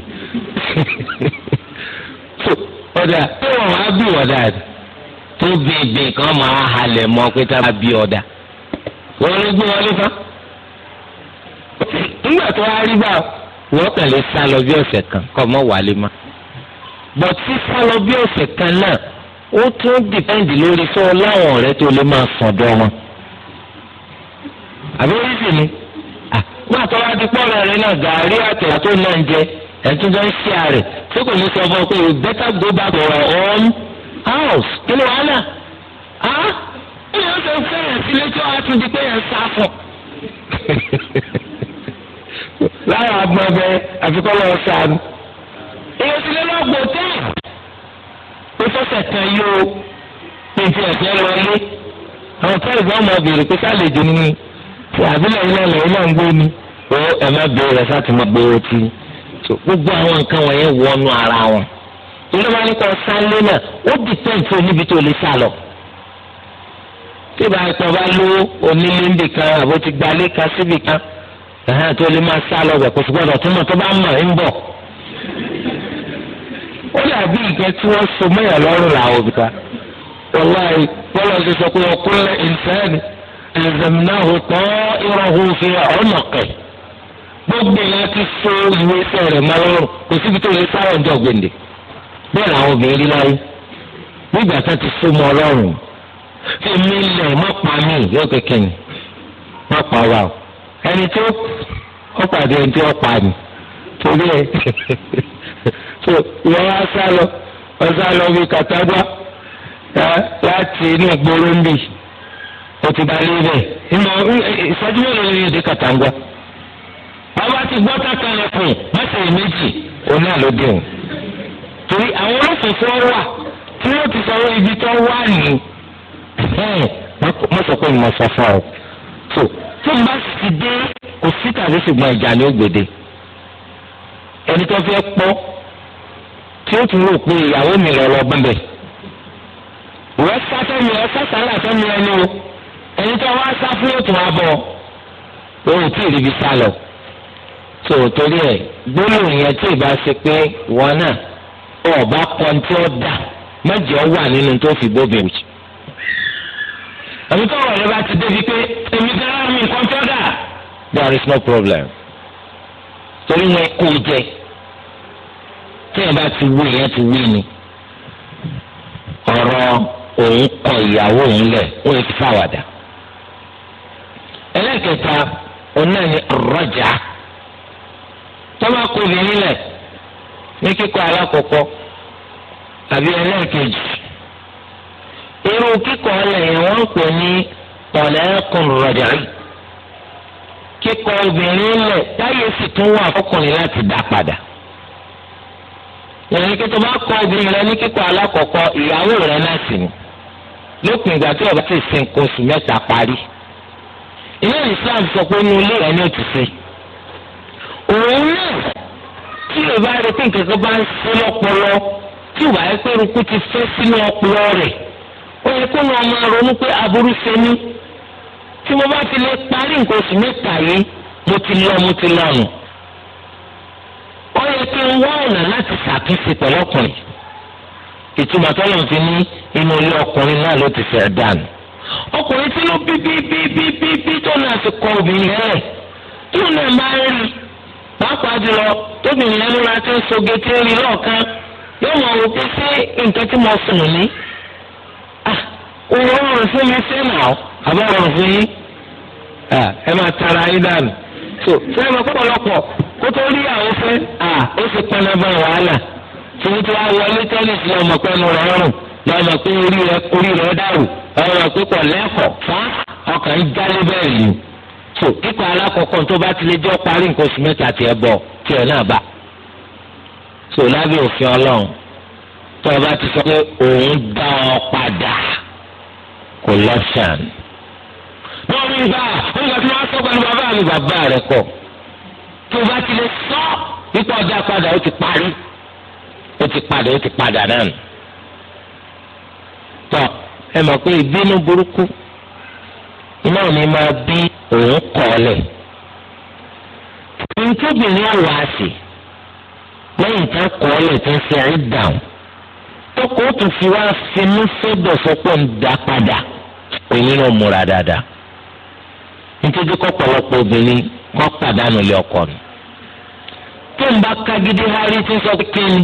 Speaker 1: ọ̀dà tó wọ̀n wá bí ọ̀dà tó bèbè kan máa halẹ̀ mọ́ pé tá a bí ọ̀dà wọ́n ló gbé wọlé fún. nígbà tó wá rí bá wọ́n tẹ̀lé sá lọ bí ọ̀sẹ̀ kan kọ́ mọ́ wálé mọ́. bọ̀t sísá lọ bí ọ̀sẹ̀ kan náà ó tún dìpẹ́ǹdì lórí sọ láwọn ọ̀rẹ́ tó lè máa wọn. àbí orí sì ni wọn àtọwọ́ ti pọ̀ ọ̀rọ̀ rẹ náà gàárì àtẹ̀wà tó náà ń jẹ ẹ̀tún jọ ń ṣe àrẹ̀ tí kò ní sọ fún ọ pé you better go back to your own house kí ni wàhálà á ó yẹ kó fẹ́rẹ̀ sílé tí wàá tún di pé ẹ̀ ń sá fún. lára àgbọn bẹ àfikún lọ sànù. èyí ti lé lọ́gbọ̀ tẹ́ẹ̀ ó fẹsẹ̀ kan yóò pèsè ẹ̀fẹ́ lọ lé àwọn tẹ́lifíọ́mù ọ̀bẹ̀rẹ̀ pé sálẹ̀ jù nínú. tí àbílẹ̀ iná ilẹ̀ iná ń gbé ni ó ẹ má bẹ̀rẹ̀ rẹ̀ sáà ti má gbé ọtí gbogbo àwọn nǹkan ara wọn wa nípa sálé náà ó dìpẹ́ǹtì oníbi tó lè sá lọ tí ìbá ìtàn bá ló onílé ńbì kan àbó ti kan ẹ̀hán tó lè máa ẹ̀zẹ̀mìnáhù tọ́ ìrọ̀hù fi ọ̀nàkẹ́ gbogbo ìyá ti so ìwé iṣẹ́ rẹ̀ máa lọ́rùn kò síbi tó lè sáwọn ọjọ́ gbèǹde bẹ́ẹ̀ làwọn obìnrin rí láyé nígbà tá ti so mọ́ ọlọ́run fi mí lẹ̀ mọ́ pa mí yóò kékeré ni mọ́ pa wa o ẹni tó ó ẹni tí ó pa ni torí ẹ so ìwọ wá sá lọ ọ sá lọ bí kàtàgbà láti inú ìgboro ń bì o ti ba lé bẹ ìmọ̀ ìṣẹ́jú mélòó ni ìdí kàtàǹgbà bàbá ti gbọ́ takalẹ̀ fún mẹ́sẹ̀ méjì òun náà ló dé o torí àwọn olófòfò wà tí wọ́n ti sọ ibi tó wà ní mo sọ pé mo sọ fún ọ so tí n bá sì dé kò sí tàbí ṣùgbọ́n ìjà ni ó gbèdé ẹni tó fẹ́ pọ́ tí ó tún rò pé ìyàwó mi lọ lọ bẹ́ẹ̀ wọ́n fẹ́mi ẹ sálà fẹ́mi ẹni o ẹni tó wá sá fún òtún abọ òun tí ìrìbí sá lọ tó torí ẹ gbólóhùn yẹn tí ìbá ṣe pé wọn náà ọba kan tí ó dà mẹjọ wà nínú tó fi bóbi wù. àbí káwọn ọ̀rẹ́ bá ti débi pé èmi dára mi nǹkan tó dà there is no problem torí wọn kó jẹ tí ẹ bá ti wú ìyẹn ti wú ni ọ̀rọ̀ òun kọ ìyàwó òun lẹ̀ ó ti fàwàdà ẹlẹ́kẹta òun náà ni rọ́jà tọ́ba kó obìnrin lẹ̀ ní kíkọ́ alákọ̀ọ́kọ́ àbí ẹlẹ́kejì irú kíkọ́ ọ̀lẹ̀ yẹn wọ́n ń pè ní ọ̀lẹ́kùn rọ̀jà kíkọ́ obìnrin lẹ̀ táyé sì tún wà fọkùnrin láti dá padà ìrìn kí tó bá obìnrin rẹ ní kíkọ́ alákọ̀ọ́kọ́ ìyàwó rẹ náà sì ni lópin ìgbà tí ọba ti sin oṣù mẹ́ta parí ìmọ̀ islam sọ pé inú ilé rẹ̀ ni ó ti ṣe òun náà tí o bá rí pé nǹkan bá ń ṣe lọ́pọlọ tí wàá pé rúkú ti fẹ́ sínú ọpọlọ rẹ̀ ó yẹ kó wọn máa ronú pé aburú ṣe mí tí mo bá ti lè parí nǹkan oṣù mẹ́ta yìí mo ti lọ mo ti lọ́nu ó yẹ kí n wá ọ̀nà láti ṣàtúnṣe pẹ̀lú ọkùnrin ìtumọ̀ tọ́lọ̀ fi ní inú ilé ọkùnrin náà ló ti fẹ́ dànù ọkùnrin tí ló bí bí bí tó náà ti kọ obìnrin lẹ́rẹ̀ náà máa ń rí pàápàá jùlọ lẹ́nu máa ti ń tí ń rí lọ́ọ̀kan yóò tara yín dànù. so pọ̀lọpọ̀ kó tó rí àwọn fẹ́ ah, ó sì wàhálà tí wọ́n ti wá wọlé tẹ́lẹ̀ sí ọmọ lọ́mọ pé orí rẹ orí rẹ dàrú ọmọ pé kò lẹ́kọ̀ọ́ fá ọkàn ń jálé bẹ́ẹ̀ lù. tó kíkọ́ alákọ̀ọ́kọ́ tó bá tilẹ̀ jọ parí nǹkan oṣù mẹ́ta tiẹ̀ bọ̀ tiẹ̀ náà bá. tó lábẹ́ òfin ọlọ́run tó o bá ti sọ pé òun dá ọ padà kò lọ́sàn. lórí ìgbà onígbà tí wọ́n sọ pẹ̀lú bàbá mi bàbá rẹ̀ kọ̀ tó o bá tilẹ̀ sọ nípa ọjà padà ó ti parí ó ti padà ó ti padà náà tọ̀ ẹ mọ̀ pé ìbínú burúkú iná mi máa bí òun kọ̀ ọ́ lẹ̀. nítòbìnrin ọ̀wà àsè lẹ́yìn tá kọ̀ ọ́ lẹ̀ tó ń ṣe àrídàún tọkọ ó tún fi wá sinú sọ́dọ̀ sọ́pọ̀ ń dá padà òun náà múra dáadáa nítorí kọ́pọ̀lọpọ̀ obìnrin kọ́ pàdánù lé ọkọ nù. tó ń bá kagídí hárí tí ń sọ pé kí ni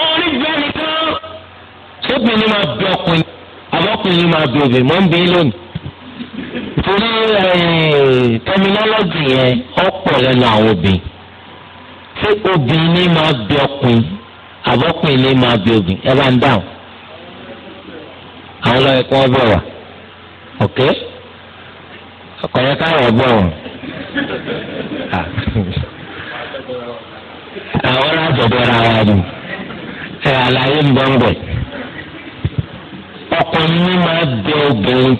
Speaker 1: òun ní bẹ́ẹ̀ nìkan sóbìnrin máa bẹ ọkùnrin. abọ́kùnrin máa bèbè mọ́ ń bí lónìí. torí eh, tẹminọ́lọ́jì yẹn ọ̀pọ̀ lẹ́nu àwọn obìnrin tí obìnrin ní máa bí ọkùnrin abọ́kùnrin ní máa bí obìnrin ẹ bá ń dáhùn. àwọn lọ́yẹ̀ kí wọ́n bọ̀ ok ọkọ̀ yẹn káyọ̀ bọ̀ wọ́n. Ah. àwọn alájọ̀dọ̀ ra wa ni àlàyé ń bọ̀ ń ọkùnrin máa bẹ obìnrin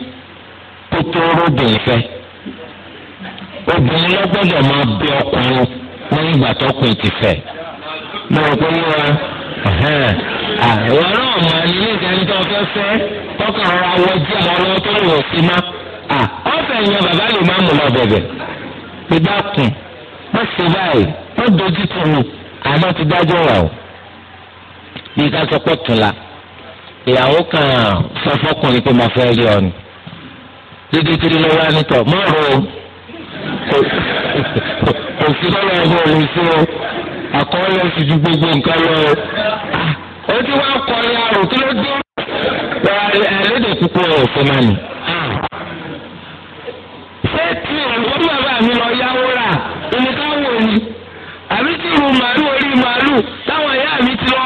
Speaker 1: kó tó róbìnrin fẹ́ obìnrin lọ́gbọ́dọ̀ máa bẹ ọkùnrin lẹ́yìn ìgbà tọkùnrin ti fẹ́ mo rò pé yíwa àwọn náà mà ní ilé ìdáni tó fẹ́ fẹ́ tọkàn ara wọ jí àwọn ọlọ́wọ́ tó lò sí má ọ̀fẹ́ yẹn bàbá lè má mú lọ bẹ̀bẹ̀ bí bá kùn má ṣe báyìí wọ́n dojú tu mi àmọ́ ti dájọ́ wà o bí ká sọ pé tún la ìyàwó kan sọ fọkùnrin pé mo fẹ́ rí ọ ni títí títí ló wá nítọ̀ mọ́ ọ̀rọ̀ kò sí lọ́wọ́ ọ̀rọ̀ òun sí o àkọọ́lẹ̀ sì ju gbogbo nǹkan lọ o ah, ti wá kọ́ ya o kí ló dé ẹlẹ́dẹ̀ púpọ̀ ọ̀fẹ́ máa nì. ṣé tí ọ̀gbọ́n bàbá mi lọ yáwó rà ìníkàwọ̀ ni
Speaker 2: àbí tí ìlú màálù orí màálù táwọn ìyá mi ti lọ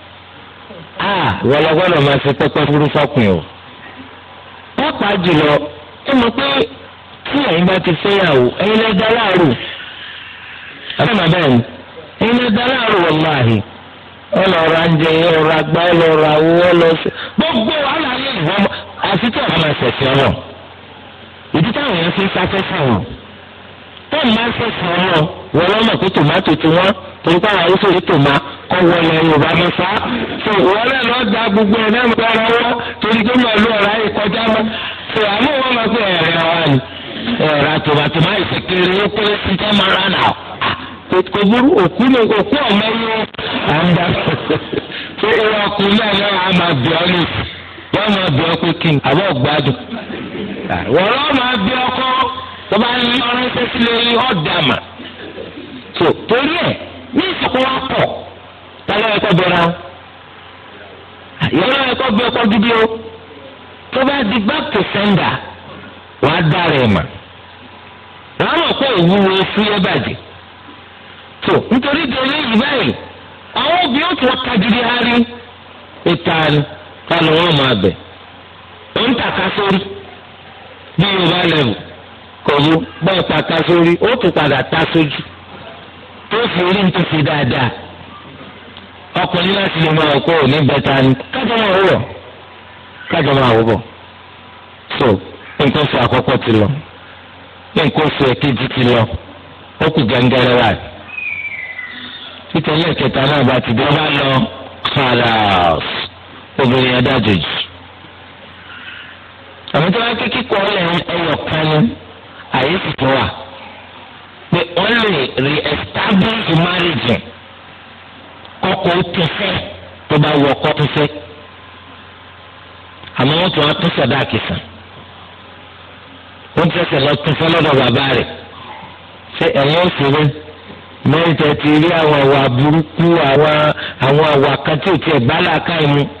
Speaker 1: a ah, wọ́n máa ṣe pẹ́pẹ́ fúrú fọ́kùn o. pàápàá jùlọ ẹ pé tí ẹ̀yin bá ti fẹ́yàwó ẹ̀yin lẹ́ da màá bẹ́ẹ̀ ni ẹ̀yin lẹ́ da ẹ lọ ra ń jẹ ẹ lọ ra gbá ẹ lọ ra owó ẹ lọ sí gbogbo wàhálà yẹn ìwọ́n àti tí ọ̀rọ̀ máa ṣẹ̀ṣẹ̀ ìdí táwọn yẹn fi ń tọ́ọ̀n máa ń sẹ́sì wọn wọ́n lọ́ mọ̀ pé tòmátò ti wọ́n torí pé àwọn ayéṣe tòmá kọ́ yorùbá da gbogbo ẹ̀ náà mọ́ ara wọ́ torí pé màálù ọ̀rá yìí kọjá mọ́ wọn lọ sí ẹ̀rẹ̀ ni ẹ̀rà tòmátò máa pé ti jẹ́ kò burú òkú ni òkú náà á máa máa tó bá ń lọ ránṣẹ́ sí lórí ọ̀dàmà tó torí ẹ̀ ní ìsọkúnwá pọ̀ tálọ́ ẹ̀kọ́ bẹ̀rẹ̀ o ọkọ gidi o tó bá di back to sender wàá dára ẹ̀ mà láwọn ọ̀pọ̀ ìwúwo fúyẹ́ bàjẹ́ tó nítorí dèrè yìí báyìí àwọn obìnrin tó kagidi harí ìta ni ká máa bẹ̀ ó ń tàka sórí bí yorùbá kò yí bọ́ọ̀ ó tún padà ta sójú tó fi rí tó fi dáadáa ọkùnrin láti lè máa kó òní bẹ́ta ni kájọ máa kajọm kájọ máa so nǹkan fẹ́ ti lọ nǹkan fẹ́ ti lọ ó kù gẹ́ngẹ́rẹ́ wà náà bá ti dé lọ kàlàs obìnrin àmì tí wọ́n àyè sì tó wà pé wọ́n lè re-establish marriage kọ́kọ́ tó fẹ́ tó bá wọ ọkọ tó fẹ́ àmọ́ wọ́n tún wá tún sọ̀dá àkìsàn wọ́n tẹ̀sẹ̀ lọ tún fẹ́ lọ́dọ̀ bàbá rẹ̀ ṣé ẹ̀yin ó sì rí mẹ́rin tẹ̀ ti rí àwọn ìwà burúkú àwọn àwọn àwàkàn tí ò tiẹ̀ bá làákà yìí mu.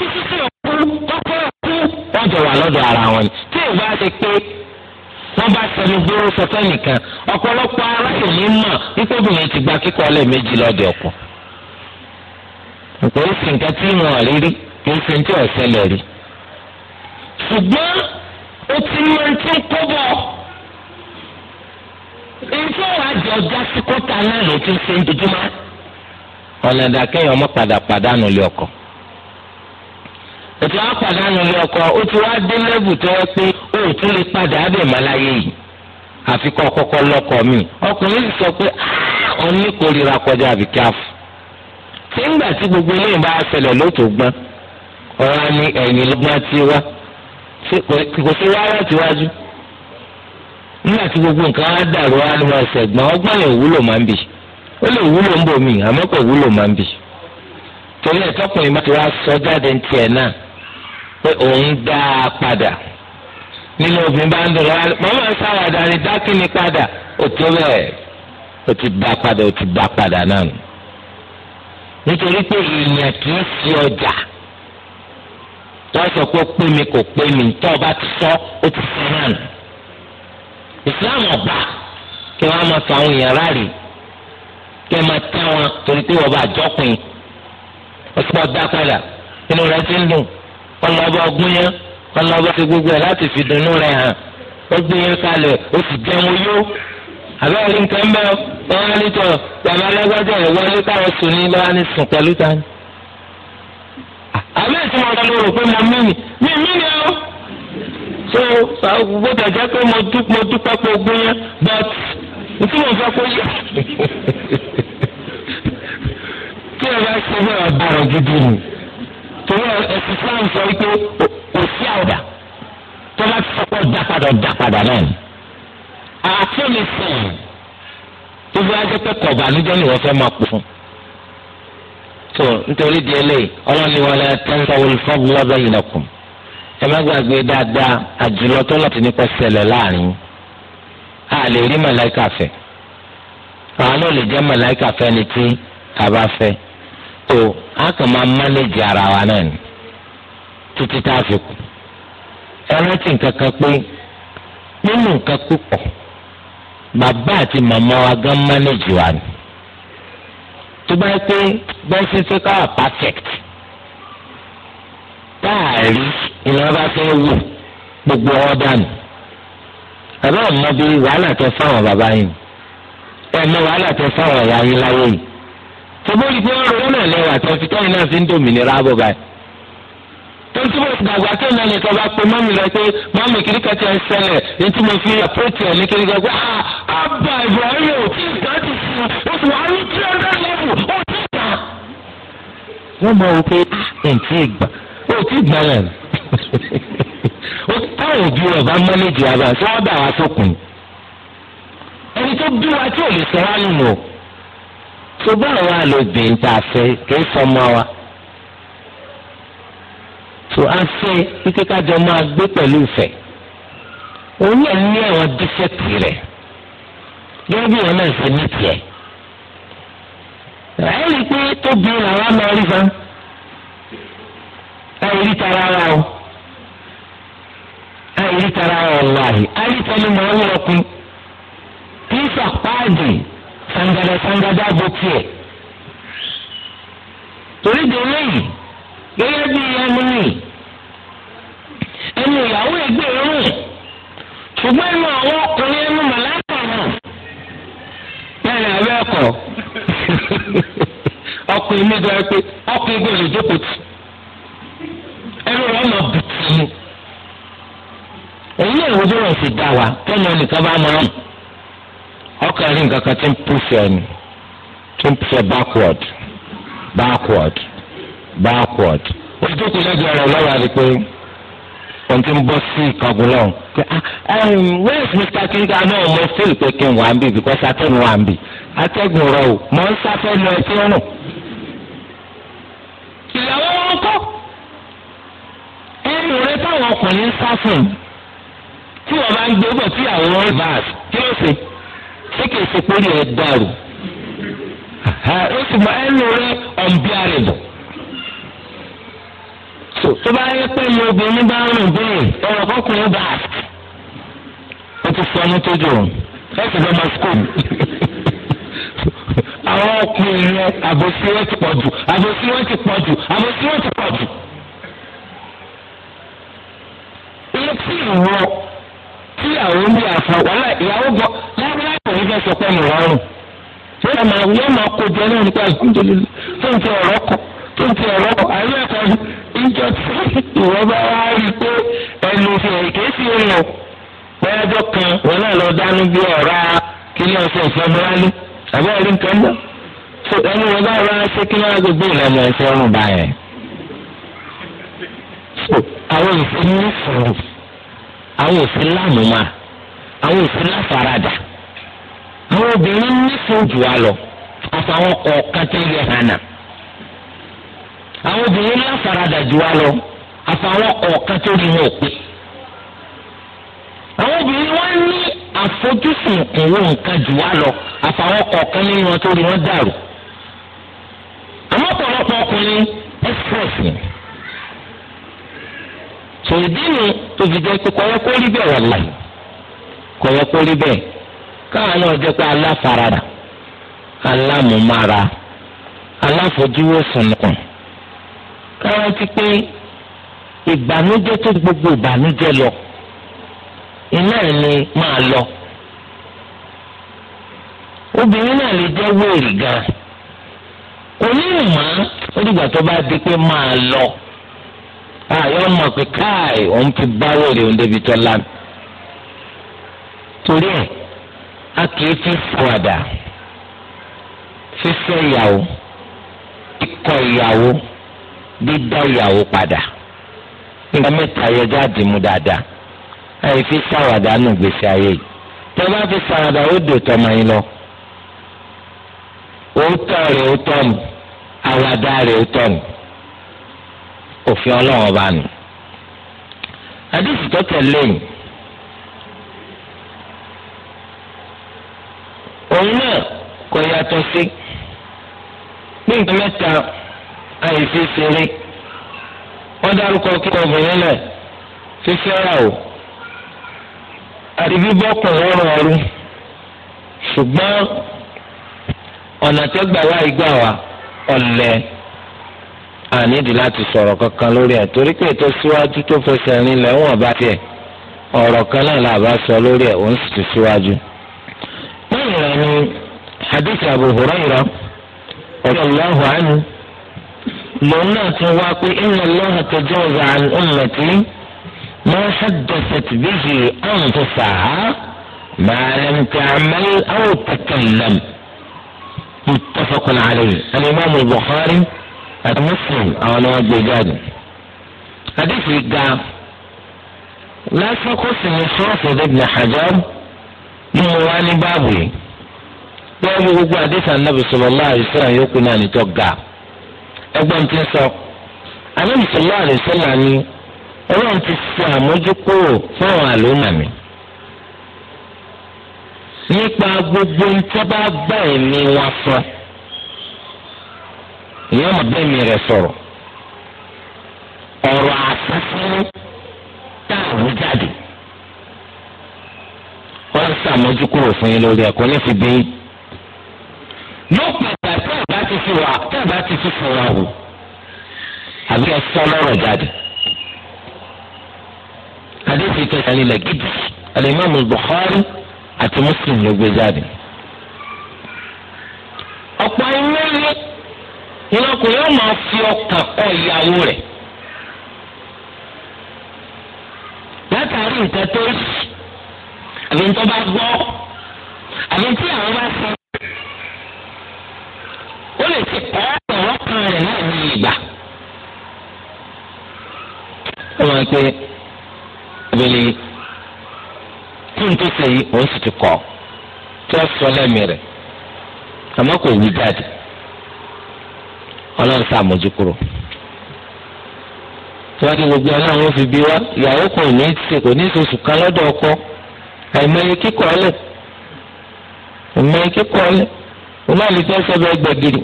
Speaker 1: títí tí òkú kọ́kọ́ kú wọ́n jọ wà ara wọn ni tí ìwà ti pé wọ́n bá sẹnu gbóró sọtẹ́ nìkan ọ̀pọ̀lọpọ̀ aráyè mọ̀ wípé obìnrin ti gba kíkọ́ ọlẹ́ méjì lọ́dọ̀ ọkọ. nǹkan ó sì nǹkan tí wọn rí rí rí. ṣùgbọ́n ó ti mọ ẹni bọ̀ etu ti wá ọkọ o ti wá dé lẹ́bù tó yẹ pé o ò tún lè padà abẹ́ ìmọ̀láyé yìí àfikọ́ kọ́kọ́ lọ́kọ mi ọkùnrin sì sọ pé a ah, kò ríra kọjá àbí káfù tí ń gbogbo ilé ìbá ṣẹlẹ̀ ló tó gbọ́n ni ẹ̀yìn lọ́gbọ́n ti wá kò sí wá láti wájú nígbà gbogbo nǹkan á dàrú wá ní wọn ṣẹ̀gbọ́n ọgbọ́n yẹn wúlò máa ń bì ó lè wúlò ń bò mí àmọ́ kò wúlò máa ń bì tọkùnrin pé òun dá a padà nínú obìnrin bá ń dùn lọ́wọ́ màmá ń sáwàdà ni dákì ní padà ó tó bẹ́ẹ̀ ó ti bá padà ó ti bá padà náà nù. nítorí pé ìyẹn kì í fi ọjà tó sọ pé pé mi kò pé mi tó o bá ti sọ ó ti sọ náà nù. ìsìláàmù ọ̀gbà kí wọ́n á máa fa àwọn èèyàn ráàlì kí wọ́n máa tẹ́ wọn torí pé wọ́n bá jọ́pin ó sì pọ̀ dá padà inú rẹ̀ ti ń dùn wọn lọ bá ọgún yẹn wọn lọ bá ti gbogbo ẹ láti fi dùnnú rẹ hàn ó gbé yẹn kalẹ̀ ó sì jẹun yó àbẹ́rẹ́ nǹkan bẹ́ẹ̀ wọ́n wá nítọ̀ bàbá alágbájá ẹ̀ wọlé káwọn sùn ní lọ́wọ́ ní sùn pẹ̀lú ta àbẹ́rẹ́ tí mo lọ rò pé mo mí ni mi mí ni o. so bó tẹ̀ jẹ́ pé mo dúpẹ́ pé ogún yẹn but tí mo fẹ́ kó yẹ. tí ẹ bá ṣe bẹ́ẹ̀ bá ọ̀rọ̀ gidi nù torí ẹ̀sìn Islam sọ wípé kò sí àwòdà tó bá ti sọpọ̀ dápadà dápadà náà ni. àti mi sìn tó fi wájú pé kọ̀ọ̀bà níjọ́ ni wọ́n fẹ́ máa pò fún. tó nítorí di eléyìí ọlọ́ni wọn lẹ tẹ́ńtọ́ wọlé fọ́ọ̀bù lọ́dọ̀ yìí lọ́kùn. ẹ má gbàgbé dáadáa àjùlọ tó lọ́ọ̀tì nípa ṣẹlẹ̀ láàrin. a lè rí màláìkà fẹ́ àwọn náà lè jẹ́ màláìkà fẹ́ ni tí a bá fẹ́. so a kàn máa mánéjì ara wa náà ni títí tá a fi kú ẹ rántí nǹkan kan pé nínú nǹkan púpọ̀ bàbá àti màmá wa mánéjì wa ni tó bá pé bẹ́ẹ̀ gbogbo wàhálà tẹ fáwọn bàbá yìí ẹ mọ wàhálà tẹ fáwọn ìyá yín yìí. tòbórí pé ọ̀rọ̀ náà lẹ́wà tó fi tẹ̀yìn náà fi ń dòmìnira bọ báyìí tontu mo gbàgbà tó nà nìkan bá pe mọ́mì rẹ pé mọ́mì kìrìkà ti ń ṣẹlẹ̀ ntí mo fi àpótí ẹ̀ ní kìrìkà pé ah abba ibrahim ò tí ìgbà ti sùn ó sì wàá ní three hundred level ó tí ìgbà. wọ́n mọ̀ wípé ǹtí ìgbà ó tí ìgbà rẹ̀ ó táwọn òbí rẹ̀ bá mọ́nẹ́jì abà tí wọ́n bá wa sókun ẹni tó bí wa tí ò lè sọ wá nínú o. ṣùgbọ́n àwọn àlòbí ń tà fẹ́ kìí sọmọ wa tó a fẹ́ kíkẹ́ kájọ máa gbé pẹ̀lú ìfẹ́ òun náà ní àwọn dífẹ́tì rẹ̀ gẹ́gẹ́ bí wọn náà ṣe ní tiẹ̀ ẹ rí i pé tóbi làwọn rí rí tara ara o rí tara ara ọ̀la yìí sangada sangada bó tiẹ̀. torí dèrè yìí gẹ́gẹ́ bí ẹnu nì ẹnu ìyàwó ẹgbẹ́ irun ṣùgbọ́n ẹnu àwọn ọkùnrin ẹnu màláìkà náà
Speaker 2: bẹ́ẹ̀ ni abẹ́ ẹ̀kọ́
Speaker 1: ọkùnrin mi gbọ́ pé ọkùnrin gbọ́dọ̀ jókòó tì ẹnu rẹ̀ ọmọ bìtì ni èyí ni rẹ̀ sì ọkàn rí nǹkan kan tí ń pùfẹ́ ni tí ń pùfẹ́ backward backward backward ó ti tókù lẹ́jọ́ rẹ̀ lọ́wọ́ àti pé ohun tí ń bọ́ sí ìkọ̀gùn lọ́hùn. where is Mr. Kinga náà mo feel pé kí n wà ń bì because atẹ́gùn wà ń bì atẹ́gùn rọ o mo ń sáfẹ́ lọ ẹtí ọ̀rùn. ìyàwó wọn kọ́ rẹ táwọn ọkùnrin ń sá fún un tí wọ́n bá ń gbé bọ̀ tíyàwó rẹ bá a kí ló ṣe ṣé kìí ṣe pé rẹ̀ dàrú ó sì máa ẹnu rẹ̀ unbearable. tó bá yẹ pé mo obìnrin bá ń rìn bẹ́ẹ̀ ọ̀rọ̀ kọkùnrin bá ó ti fọnú tó jò ẹ sì fẹ́ máa skul àwọn ọkùnrin rẹ àbòsí wọn ti pọ̀ jù àbòsí wọn ti pọ̀ jù àbòsí wọn ti pọ̀ jù. ilé tí ìwọ tí àwọn ń bí àfọ wàhálà ìyàwó bọ lábúlá kò ní fẹ́ sọ pé mo rọrùn tó yẹ máa kó jẹ náà nípa alhamdulilayi tó ń kọ tó ń tẹ kọ àyè ìjọ tí ìwọ bá wá rí i pé ẹnu fi èké sí kan wọn náà lọ bí kí ní nǹkan náà ẹnu wọn bá kí wọn gbogbo ìlànà báyẹn. àwọn ìfẹ́ àwọn òsì ma àwọn òsì láfaradà àwọn obìnrin nífẹ̀ẹ́ jù wá lọ àtàwọn tó yẹ hànà àwọn obìnrin láfaradà jù wá lọ àtàwọn tó rí wọn pé àwọn obìnrin wọn ní àfojúsùn ìkùnwó nǹkan jù lọ àtàwọn nínú wọn tó rí wọn dàrú àmọ́ ọ̀pọ̀lọpọ̀ ọkùnrin express tó ni tó fi jẹ́ pé kọ́yọ́ kó rí bẹ́ẹ̀ kó rí káwọn náà jẹ́ pé aláfaradà alámùmára aláfojúwòsàn nìkan káwọn ti pé ìbànújẹ́ tó gbogbo ìbànújẹ́ lọ iná ẹ̀ ni máa lọ obìnrin náà lè jẹ́ wéèrè gan onímọ̀ ó dìgbà àyọ̀ ah, mọ̀ pé káì òun ti bá wèrè òun débi tó lánà. torí ẹ̀ a kìí fi fọ̀dà fífẹ́ ìyàwó kíkọ̀ ìyàwó dídá ìyàwó padà nígbà mẹ́ta yẹ jáde mú dáadáa àyè fi ṣàwàdà nù gbèsè ayé yìí tẹ bá fi ṣàwàdà ó dò tọmọ yín lọ òótọ́ rẹ̀ ó tọ́ nù àwàdà rẹ̀ ó tọ́ nù òfin ọlọ́run ọba nù. àdìsí tó tẹ̀lé yìí òun náà kò yàtọ̀ sí pé nǹkan mẹ́ta àìsí ṣeré wọ́n dárúkọ kíkọ obìnrin náà fífẹ́ rà o àti bíbọ́kùn òórùn ọrú ṣùgbọ́n ọ̀nà tẹ́gbà wá igbá wa ọ̀lẹ́ ànídìí láti sọ̀rọ̀ kankan lórí ẹ̀ torí pé ètò síwájú tó fẹsẹ̀ rin lẹ̀ wọ́n bá tiẹ̀ ọ̀rọ̀ kan náà là bá sọ lórí ẹ̀ òun sì ti síwájú. lẹ́yìn rẹ̀ ni hadith Abu Hurairah radiyallahu anhu lòun náà tún wá pé inna Allaha tajawaza an ummati ma haddathat bihi anfusaha ma lam ta'mal aw takallam muttafaqun alayhi al-imam al-Bukhari. àti muslim àwọn ni wọ́n gbé jáde. ga lásìkò sinmi sọ́ọ̀sì ibn hajar ni mo ní báàbù yìí bẹ́ẹ̀ gbogbo àdìsí anabi sallallahu alaihi wasallam yòókù náà nìjọ ga ẹgbọ́n ti sọ anabi sallallahu alaihi ni ọlọ́run ti ṣe àmójúkúrò fún àwọn mi nípa gbogbo ń ẹ̀mí wọn sọ. So. ìyẹn mọ̀ bẹ́ẹ̀ mi rẹ̀ sọ̀rọ̀ ọ̀rọ̀ àfẹ́fẹ́ táàrún jáde wọ́n ń sàmójúkúrò fún yín lórí ẹ̀kọ́ ní fi bí yóò padà tí àbá ti fi wà tí àbá ti fi fún wa wò àbí ẹ sọ lọ́rọ̀ jáde adéfi kẹsàn ilẹ̀ gidi alimami Bukhari àti Muslim ló gbé jáde ọ̀pọ̀ ẹ̀yìn mẹ́rin. ìyẹn ya yóò máa fi ọkàn kọ ìyàwó rẹ̀ látàrí nǹkan tó rí àbí nǹkan bá gbọ́ àbí tí àwọn bá sọ ó lè ti kọ́ ọ̀rọ̀ kan rẹ̀ náà ìgbà. ó máa ń abẹ́lé ọlọ́run sàmójúkúrò tí wọ́n gbogbo ọlọ́run ó fi bí wá ìyàwó kan ò ní ṣe kò ní ṣe kan lọ́dọ̀ ọkọ àìmọye kíkọ́ ọlẹ̀ àìmọye kíkọ́ ọlẹ̀ lè fẹ́ sọ́dọ̀ ẹgbẹ̀gìrì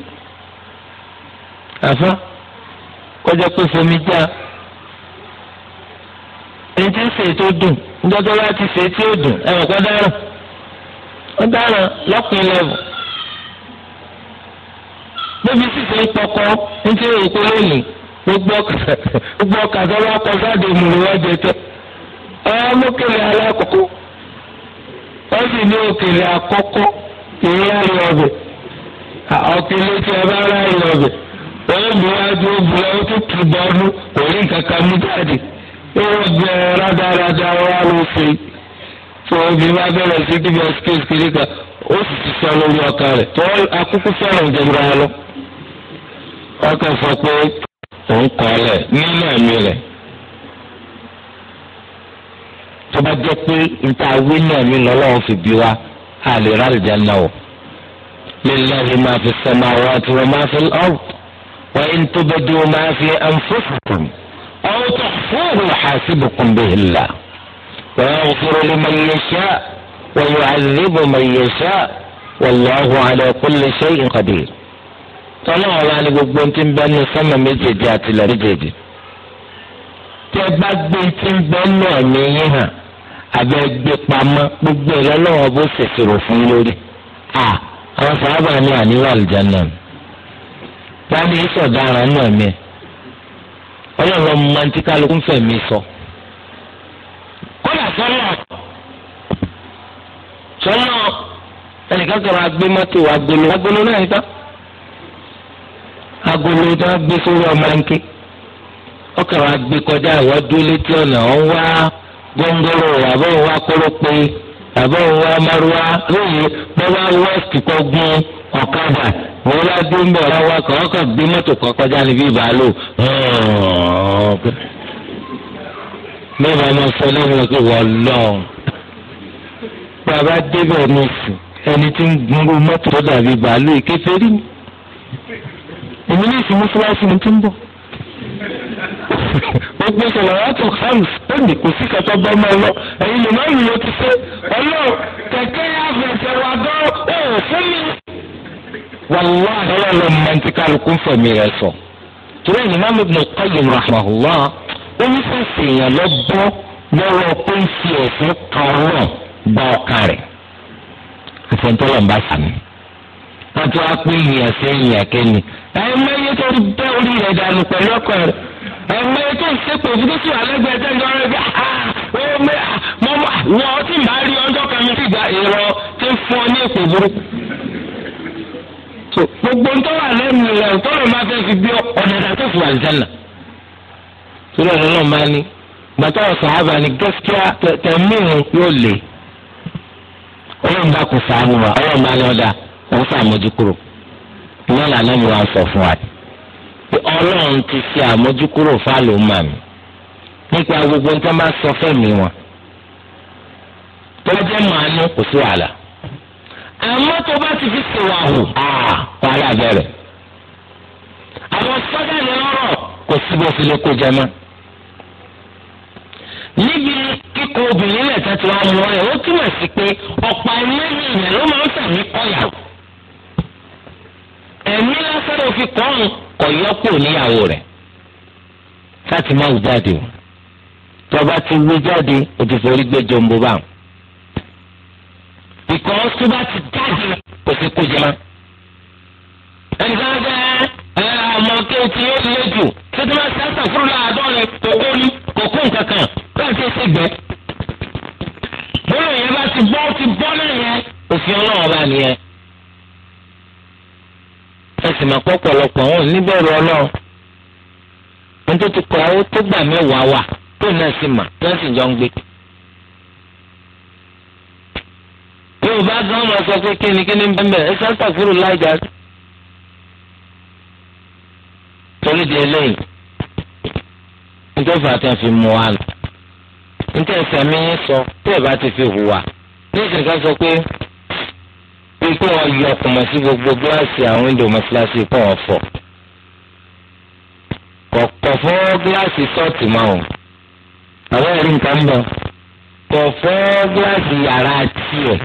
Speaker 1: kọjá pé fomi já ẹni tí ń ṣe tí ó dùn ẹ̀rọ kọ́ dáràn ó dáràn bóbi sì ṣe ń tọkọ ń ṣe èkó lónìí gbogbo ọkà tó bá kọ sáde mùrù wọn jẹ tẹ ọmọkèlè alákọ̀ọ́kọ́ wọ́n sì ní òkèlè àkọ́kọ́ ìrora rẹ ọbẹ̀ tí a bá rà rẹ ọbẹ̀ wọ́n bu wájú bu ẹ tó tù bọ́ọ̀lù òní kankan mú jáde wọ́n gbẹ rádaràdà wà lófin tó obì bá bẹ̀rẹ̀ sí bíbí ọ̀sìkèsì kiri kan ó sì ti sọ lórí ọkà rẹ̀ tó akúkú fẹ́ràn jẹ̀gbọ́n lọ. ọkọ sọ pé òun kọ ọ lẹ nínú ẹ̀mí rẹ̀ tó bá jẹ́ pé níta wí náà mi lọ́lọ́run fi bí wa a lè rà lè jẹun náà wò lillahi máa fi sẹ́mà wá àti wọ́n máa fi ọ̀rọ̀ wọ́n yín tó bẹ́ẹ̀ wọn máa fi tó bùkún wọ́n anfusakum aw tukhfuhu yuhasibukum bihillah wa yaghfiru liman yasha wa yu'adhibu man yasha wallahu ala ṣe é qadir. tọ́lá wọn bá ní gbogbo ti ń bẹ nínú sánmà méjèèjì àti tí ẹ bá gbé ti ń bẹ náà ní yín hàn gbé pamọ́ gbogbo ìlọ́lọ́wọ́ bó ṣèṣirò fún lórí à àwọn sábà ní àníwá ọlọ́run máa ń tí kálukú ń fẹ̀mí sọ. kódà sọ́nà ẹnìkan agbé mọ́tò agbolo agolo tí wọ́n gbé sórí ọmọ ẹnké ọkàn wa gbé kọjá àwọn dúró létí ọ̀nà ọ̀hún wá góńgóró àbọ̀ òun wá kóró pé àbọ̀ òun wá márúwá lóye bọ́lá west kọ́ gún ọ̀kadà wọ́n bá dé ń bọ̀ ọ̀rọ̀ wa kàn ọkàn gbé mọ́tò kan kọjá níbí ìbálò
Speaker 2: mẹ́wàá máa fọ lẹ́nu pé wọ́n lọ́ọ̀
Speaker 1: bàbá débẹ̀ ní ẹni tí ń gun mọ́tò tó dàbí bàálù ìkéferì ni èmi ní ìsìn mọ́ṣáláṣí ni tí ń bọ̀ gbogbo sọlọ́wọ́tò hams ó ní kò sí kẹtọ́ bọ́ mọ́ ọ lọ ẹ̀yin lè má lù yóò ti ṣe ọlọ́ kẹ̀kẹ́ yà fẹsẹ̀ wà dán ó fún mi. wàláhi ọlọ́run máa ń ti kálukú ń fẹ̀mí rẹ̀ sọ. torí ẹ̀yin máa ń lòdì náà kọ́yìn rahmanullah ó ní sẹ́sì èèyàn lọ bọ́ lọ́wọ́ pé ń fi ẹ̀sìn kan náà gba ọkàn rẹ̀. àfẹnutọ́lọ́ ń bá sàmì wọ́n tún á pín ìyàn sí ìyàn kẹ́ni. ẹ̀mọ iye tó ń bẹ́ orí rẹ̀ dànù pẹ̀lú ọkọ rẹ̀ ẹ̀mọ iye tó ń sépè fún tó sì wà lẹ́gbẹ̀ẹ́ tẹ́jọ́ rẹ̀ bí ah, ah, wọ́n ti máa rí ọjọ́ kan mi sígbà èrò tí ń fún ọ ní èpè burúkú. gbogbo ń tọ́wà lẹ́nu rẹ̀ tó lè máa fẹ́ fi bí ọ̀dàdà tó fi wà torí ọ̀dọ́ náà máa ní gbàtà ọ̀sán ni gẹ́síkíá tẹ̀mí wọ́n sàmójúkúrò ìyá làná mi wá sọ fún wa pé ọlọ́run ti ṣe àmójúkúrò fáàlùmọ́ mi nípa gbogbo nǹkan bá sọ fẹ́mi wọn tó jẹ́ màánú kò sí wàhálà àmọ́ tó bá ti fi ṣèwà hù wàhálà bẹ̀rẹ̀ àwọn sọ́jà ní lọ́rọ̀ kò sí bó ti lè kó jẹ mọ́ níbi kíkọ obìnrin lẹ́tà tí wàá mú ọ rẹ̀ ó túmọ̀ sí pé ọ̀pọ̀ ẹ̀mí ènìyàn ló máa ń tàbí kọ́yàwó ẹ̀mí lásán ló fi kọ́ ọ̀hún kọ̀ yọ́pọ̀ níyàwó rẹ̀ láti má wù jáde o tọba ti wù jáde o ti forí gbé jombo bá because tó bá ti jáde kò sí kó jẹ mọ́ ẹnìkan bẹ ẹ ọmọ kéwù tí yóò lé jù títí máa sẹ́sẹ̀ fúru láàdọ́rin kókó ní kókó nǹkankan bẹ́ẹ̀ tí ó ṣe gbẹ. bóyá ìyẹn bá ti gbọ́ ti bọ́ lẹ́yìn òfin ọlọ́run bá nìyẹn sì máa pọ̀ pọ̀lọpọ̀ wọn ò níbẹ̀rù ọlọ́run ohun tó ti kọ ọ́ tó gbà mẹ́wàá wà tó náà sì mà tó sì jọ ń gbé. bí o bá gán ọmọ sọ pé kí ni kí ni bẹ́ẹ̀ ẹ sáńtà fúru láìjà torí di eléyìí nítorí fàtí àfi mú wa nù nítorí sẹ́mi sọ tí ẹ bá ti fi hùwà ní ìsìnká sọ pé pé wọ́n yọ ọkùnmọ̀ sí gbogbo gíláàsì àwọn ìdò mọ́ṣáláṣí pọ̀ wọ́n fọ̀. kọ̀ọ̀kọ̀ fún gíláàsì sọ́ọ̀tì máa wọ̀ àwọn ẹ̀rí nǹkan bọ̀ kọ̀ fún gíláàsì yàrá tiẹ̀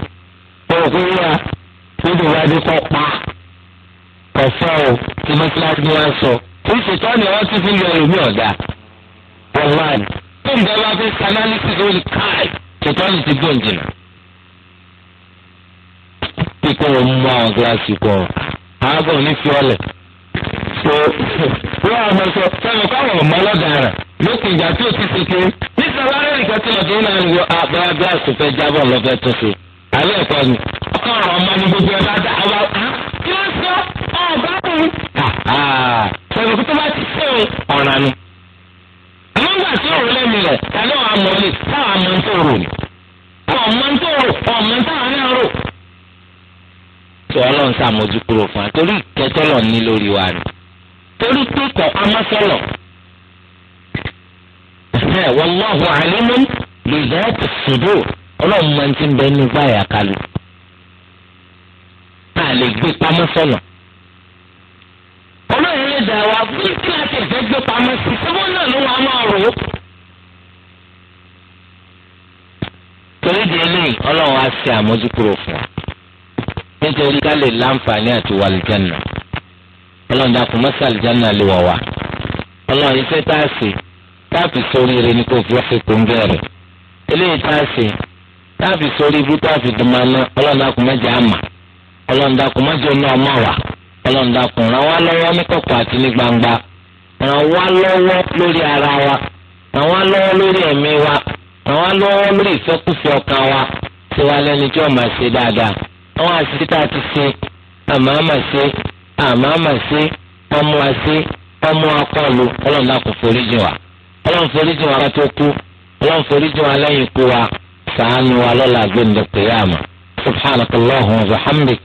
Speaker 1: kọ̀ pé wíwá níbi ìwádìí kọ̀ pa kọ̀ fọ́ o tí mọ́ṣáláṣí wá sọ. kí ṣètọ́ ni wọ́n ti fi lọ ẹ̀rọ mi ọ̀dà wọ́n wá ní. bí ìjọba fi sanálísì lórí káì ṣètọ́ ni ti bí kò wọ́n mú àwọn gíláàsì kọ́ àgọ́ ní fiọ́lẹ̀. so wọ́n á mọ̀ sọ sẹ́nu káwọn ọ̀mọ́ ọlọ́dà rẹ̀ lókè ìjà tí ó ti ṣe kiri níta wá rẹ́rìn kan tí wọ́n ti ń náà wọ àbára ah, gíláàsì fẹ́ jábọ̀ lọ́fẹ́ tó ṣe. àlẹ́ ẹ̀kọ́ ni ọkọ̀ ọ̀rọ̀ ọmọ ni gbogbo ẹ̀ bá dá àwa kí ló sọ ọ̀gá mi. sẹ́nu kí tó bá ti ṣe ọ̀ràn ni. àmọ́ ń tó tó rò ọmọ tó ọlọ́run sàmójú fún wa torí ìkẹtọ́lọ̀ ní lórí wa ni torí pé kọ̀ amásọ̀lọ̀ wallahu alimun bi ọlọ́run máa ń ti bẹ ní báyà kalu lè gbé pamọ́ ọlọ́run yẹn dà wá gbé pamọ́ sí náà ló wà máa rò ó. torí di eléyìí ọlọ́run á nítorí ká lè láǹfààní àti wà lìjánà ọlọ́run dàkú mọ́sá lìjánà lè wọ̀ wá ọlọ́run iṣẹ́ tá a ṣe táàfì sórí rẹ ni kò fi ọ́ fi kún bẹ́ẹ̀rẹ̀ eléyìí tá a ṣe táàfì sórí ibú táàfì dùnmọ́ná ọlọ́run dàkú mọ́jà àmà ọlọ́run dàkú mọ́jà ọ̀nà ọmọ wa ọlọ́run dàkú ràn wá lọ́wọ́ ní kọ̀kọ̀ àti ní gbangba ràn wá lọ́wọ́ lórí ara wa ràn wá lọ́wọ́ lórí ẹ̀mí wa ràn wá lọ́wọ́ lórí ìfẹ́kùfẹ́ ọkàn wa tiwa lẹ́ni tí ó máa ṣe dáadáa àwọn àṣìṣe tá a ti ṣe àmàmà ṣe àmàmà ṣe wọ́n mú wa ṣe wọ́n mú wa kọlu ọlọ́run náà kò forí jìn wá ọlọ́run forí jìn wá ká tó kú ọlọ́run forí jìn wá lẹ́yìn ikú wa ṣàánú wa lọ́la gbẹ̀ndẹ̀ kìyàmà subhanaka allahumma wa bihamdik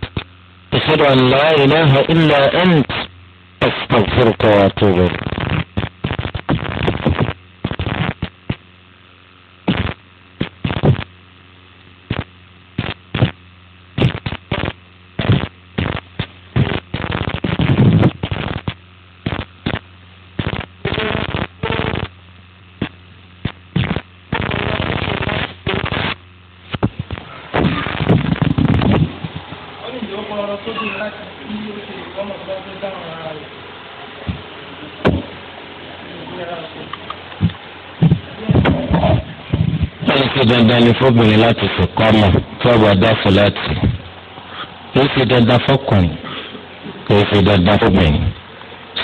Speaker 1: ashhadu an la ilaha illa ant astaghfiruka wa atubu ilayk. dandan ni fóbìnrin láti sèkọ́ mọ̀ tí ọba dá sọláàtì kò sí dandan fọkùnrin kò sí dandan fóbìnrin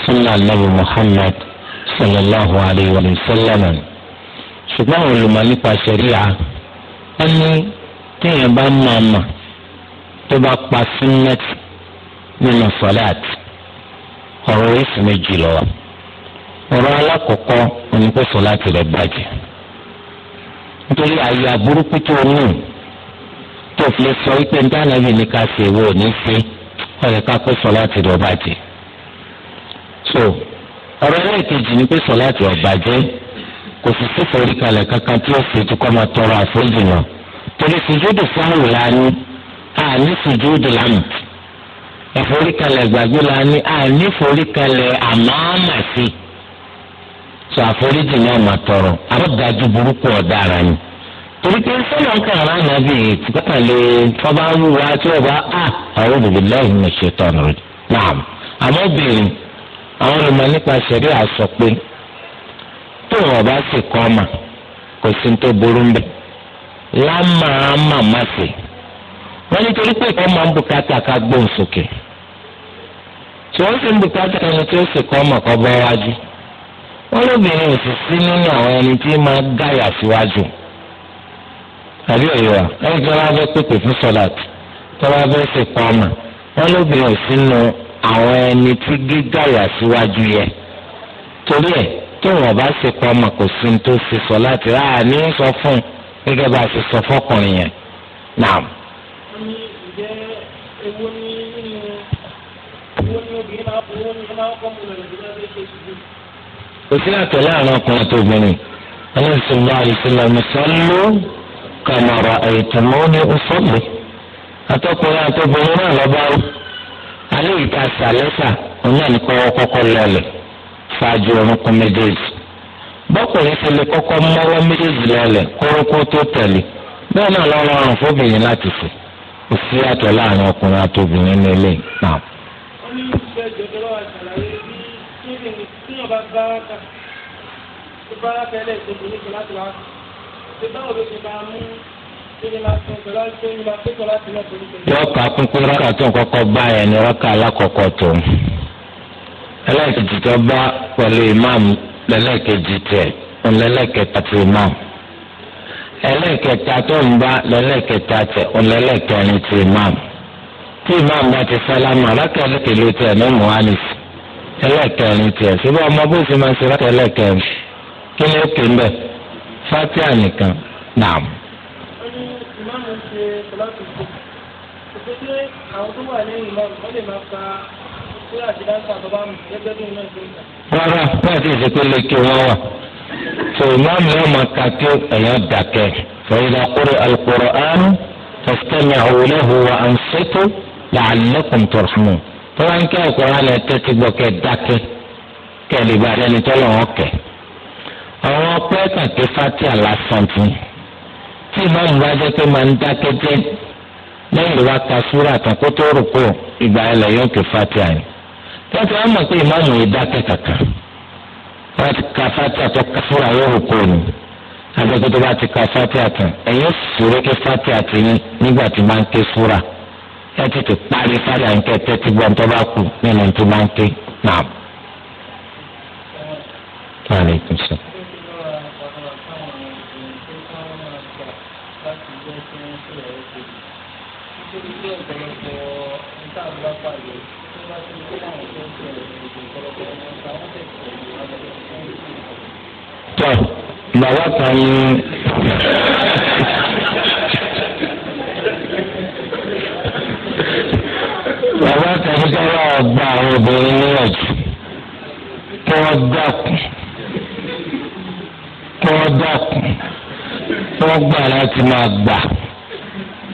Speaker 1: sunna anabi muhammad sallallahu alayhi wa sallam ṣùgbọ́n àwọn olùmọ̀ nípa ṣẹ̀ríà wọ́n ní téèyàn bá máa mà tó bá pa súnnẹ́tì nínú sọláàtì ọ̀rọ̀ oríṣi méjì ọ̀rọ̀ alákọ̀ọ́kọ́ onípẹ̀sọ̀ láti rẹ̀ bàjẹ́ nítorí àyè àbúrúkú tó nù tó fi sọ wípé ní ànábì ní ká ṣe wo ní ṣe ọ̀yẹ̀ ká kó sọ láti rẹ̀ ọba jẹ́ so ọ̀rọ̀ ẹlẹ́ẹ̀kejì ni pé sọ láti ọba jẹ́ kò sì sí foríkalẹ̀ kankan tí ó ṣe tó kọ́ máa tọrọ àforíjì náà torí sùjúdù fáwọn lání àní sùjúdù lámùt ìforíkalẹ̀ gbàgbé lání àní foríkalẹ̀ àmọ́ àmàṣe. sọ àforíjì ni ọmọ tọrọ àbọ̀dájú burúkú ọ̀daràn ni torí pé sọ́nà ń kàn rán nàbì tìkọ́tà lè tọ́ba wúwa tí ó a àwọn òbí lẹ́yìn ní ṣètọ́nù rẹ̀ náà àmọ́ obìnrin àwọn olùmọ̀ nípa ṣẹ̀rí a pé tó wọn bá sì kọ́ ọmọ kò sí tó burú ń bẹ̀ pé ìkọ́ máa ń bùkátà ká gbóhùn sókè tí wọ́n sì ń bùkátà ẹni tí ó sì kọ́ kọ́ bọ́ wájú. wọn lóbìnrin ò sì sí nínú àwọn ẹni tí máa gáyà síwájú àbí òye wa ẹni tí wọn bá fẹ́ pèpè fún sọlát tí wọn bá fẹ́ ṣe pàmà wọn lóbìnrin ò sí nínú àwọn ẹni tí gígáyà síwájú yẹ torí ẹ tí wọn bá ṣe pàmà kò sí ní tó ṣe sọlát rà ní sọ fún gẹ́gẹ́ bá a ṣe sọ fọkùnrin yẹn náà. owó ni obìnrin máa ń kọ́ mú lọ lọ. kò sí àtọ̀ láàrin ọkùnrin àti obìnrin ọlọ́sìn bá ìṣẹ̀lẹ̀ mùsọ́lù kàmọ̀rọ̀ àìtùmọ́ ní ọ̀sọ́lù àtọkùnrin àti obìnrin náà lọ́ba ó alẹ́ ìta sàlẹ́sà ọ̀nà nìkọ́wọ́ kọ́kọ́ lọ́ọ̀lẹ̀ ṣáájú orúnkún méjèèjì bọ́kùnrin ṣe lè kọ́kọ́ méjèèjì kórókó tó náà fóbìnrin láti fò láàrin yóò bá bá ká tó bá kẹlẹ̀ ìṣègùn ní kìláàsì wa ṣe báwo ló ṣe máa mú yóò kà kún pé rákà tó kọ́kọ́ bá yẹn ni rákà alákọ̀ọ́kọ́ tó ẹlẹ́ẹ̀kejì tó bá pẹ̀lú ìmáàmù lẹ́lẹ́ẹ̀kejì tẹ̀ ọ̀nlẹ́lẹ́kẹta ti ìmáàmù ẹlẹ́ẹ̀kẹta tó ń bá lẹ́lẹ́ẹ̀kẹta tẹ̀ ti tí bá ti tẹ̀ ní ẹlẹ́kẹrin tiẹ̀ síbí ọmọ bó ṣe máa ṣe rákà ẹlẹ́kẹrin kí ni ó ké mbẹ fatia nìkan nàám. rárá bẹ́ẹ̀ sì ṣe pé lèkì wọn wà tó ìmáàmù yóò máa ka kí èèyàn dàkẹ́ fẹ́yìlá kúrò alukóró án fẹ́sítẹ́ni àwòlẹ́hùn wa à ń ṣètò làálẹ́kùn tọ̀sùn. tọ́wá ń kẹ́ ọ̀kọ́ra lẹ tẹ́tí gbọ́ kẹ́ dákẹ́ kẹ́ lè ba ẹni tọ́lọ̀ wọn kẹ́ àwọn ọpẹ́ kàkẹ́ fati àlásán fún tí ìmáàmù bá jẹ́ pé máa ń dákẹ́ jẹ́ lẹ́yìn ìwà ka súrà tán kó tó rò pé ìgbà ẹlẹ̀ yóò kẹ́ fati àyè tọ́tí wọn mọ̀ pé ìmáàmù yìí dákẹ́ kàkà wọ́n ti ka fati àtọ́ ka súrà yóò rò pé bá ti ka fati àtàn ẹ̀yìn sùúrù kẹ́ fati ẹ tètè parí fáyà ń kẹ tẹ́tí gbọ́ tó bá kù nínú tó máa ń ké náà. tọ́ ìgbà kan ní. bàbá tàbí sábà gba àwọn obìnrin níwájú kí wọ́n dákun kí wọ́n dákun kí wọ́n gbà láti máa gbà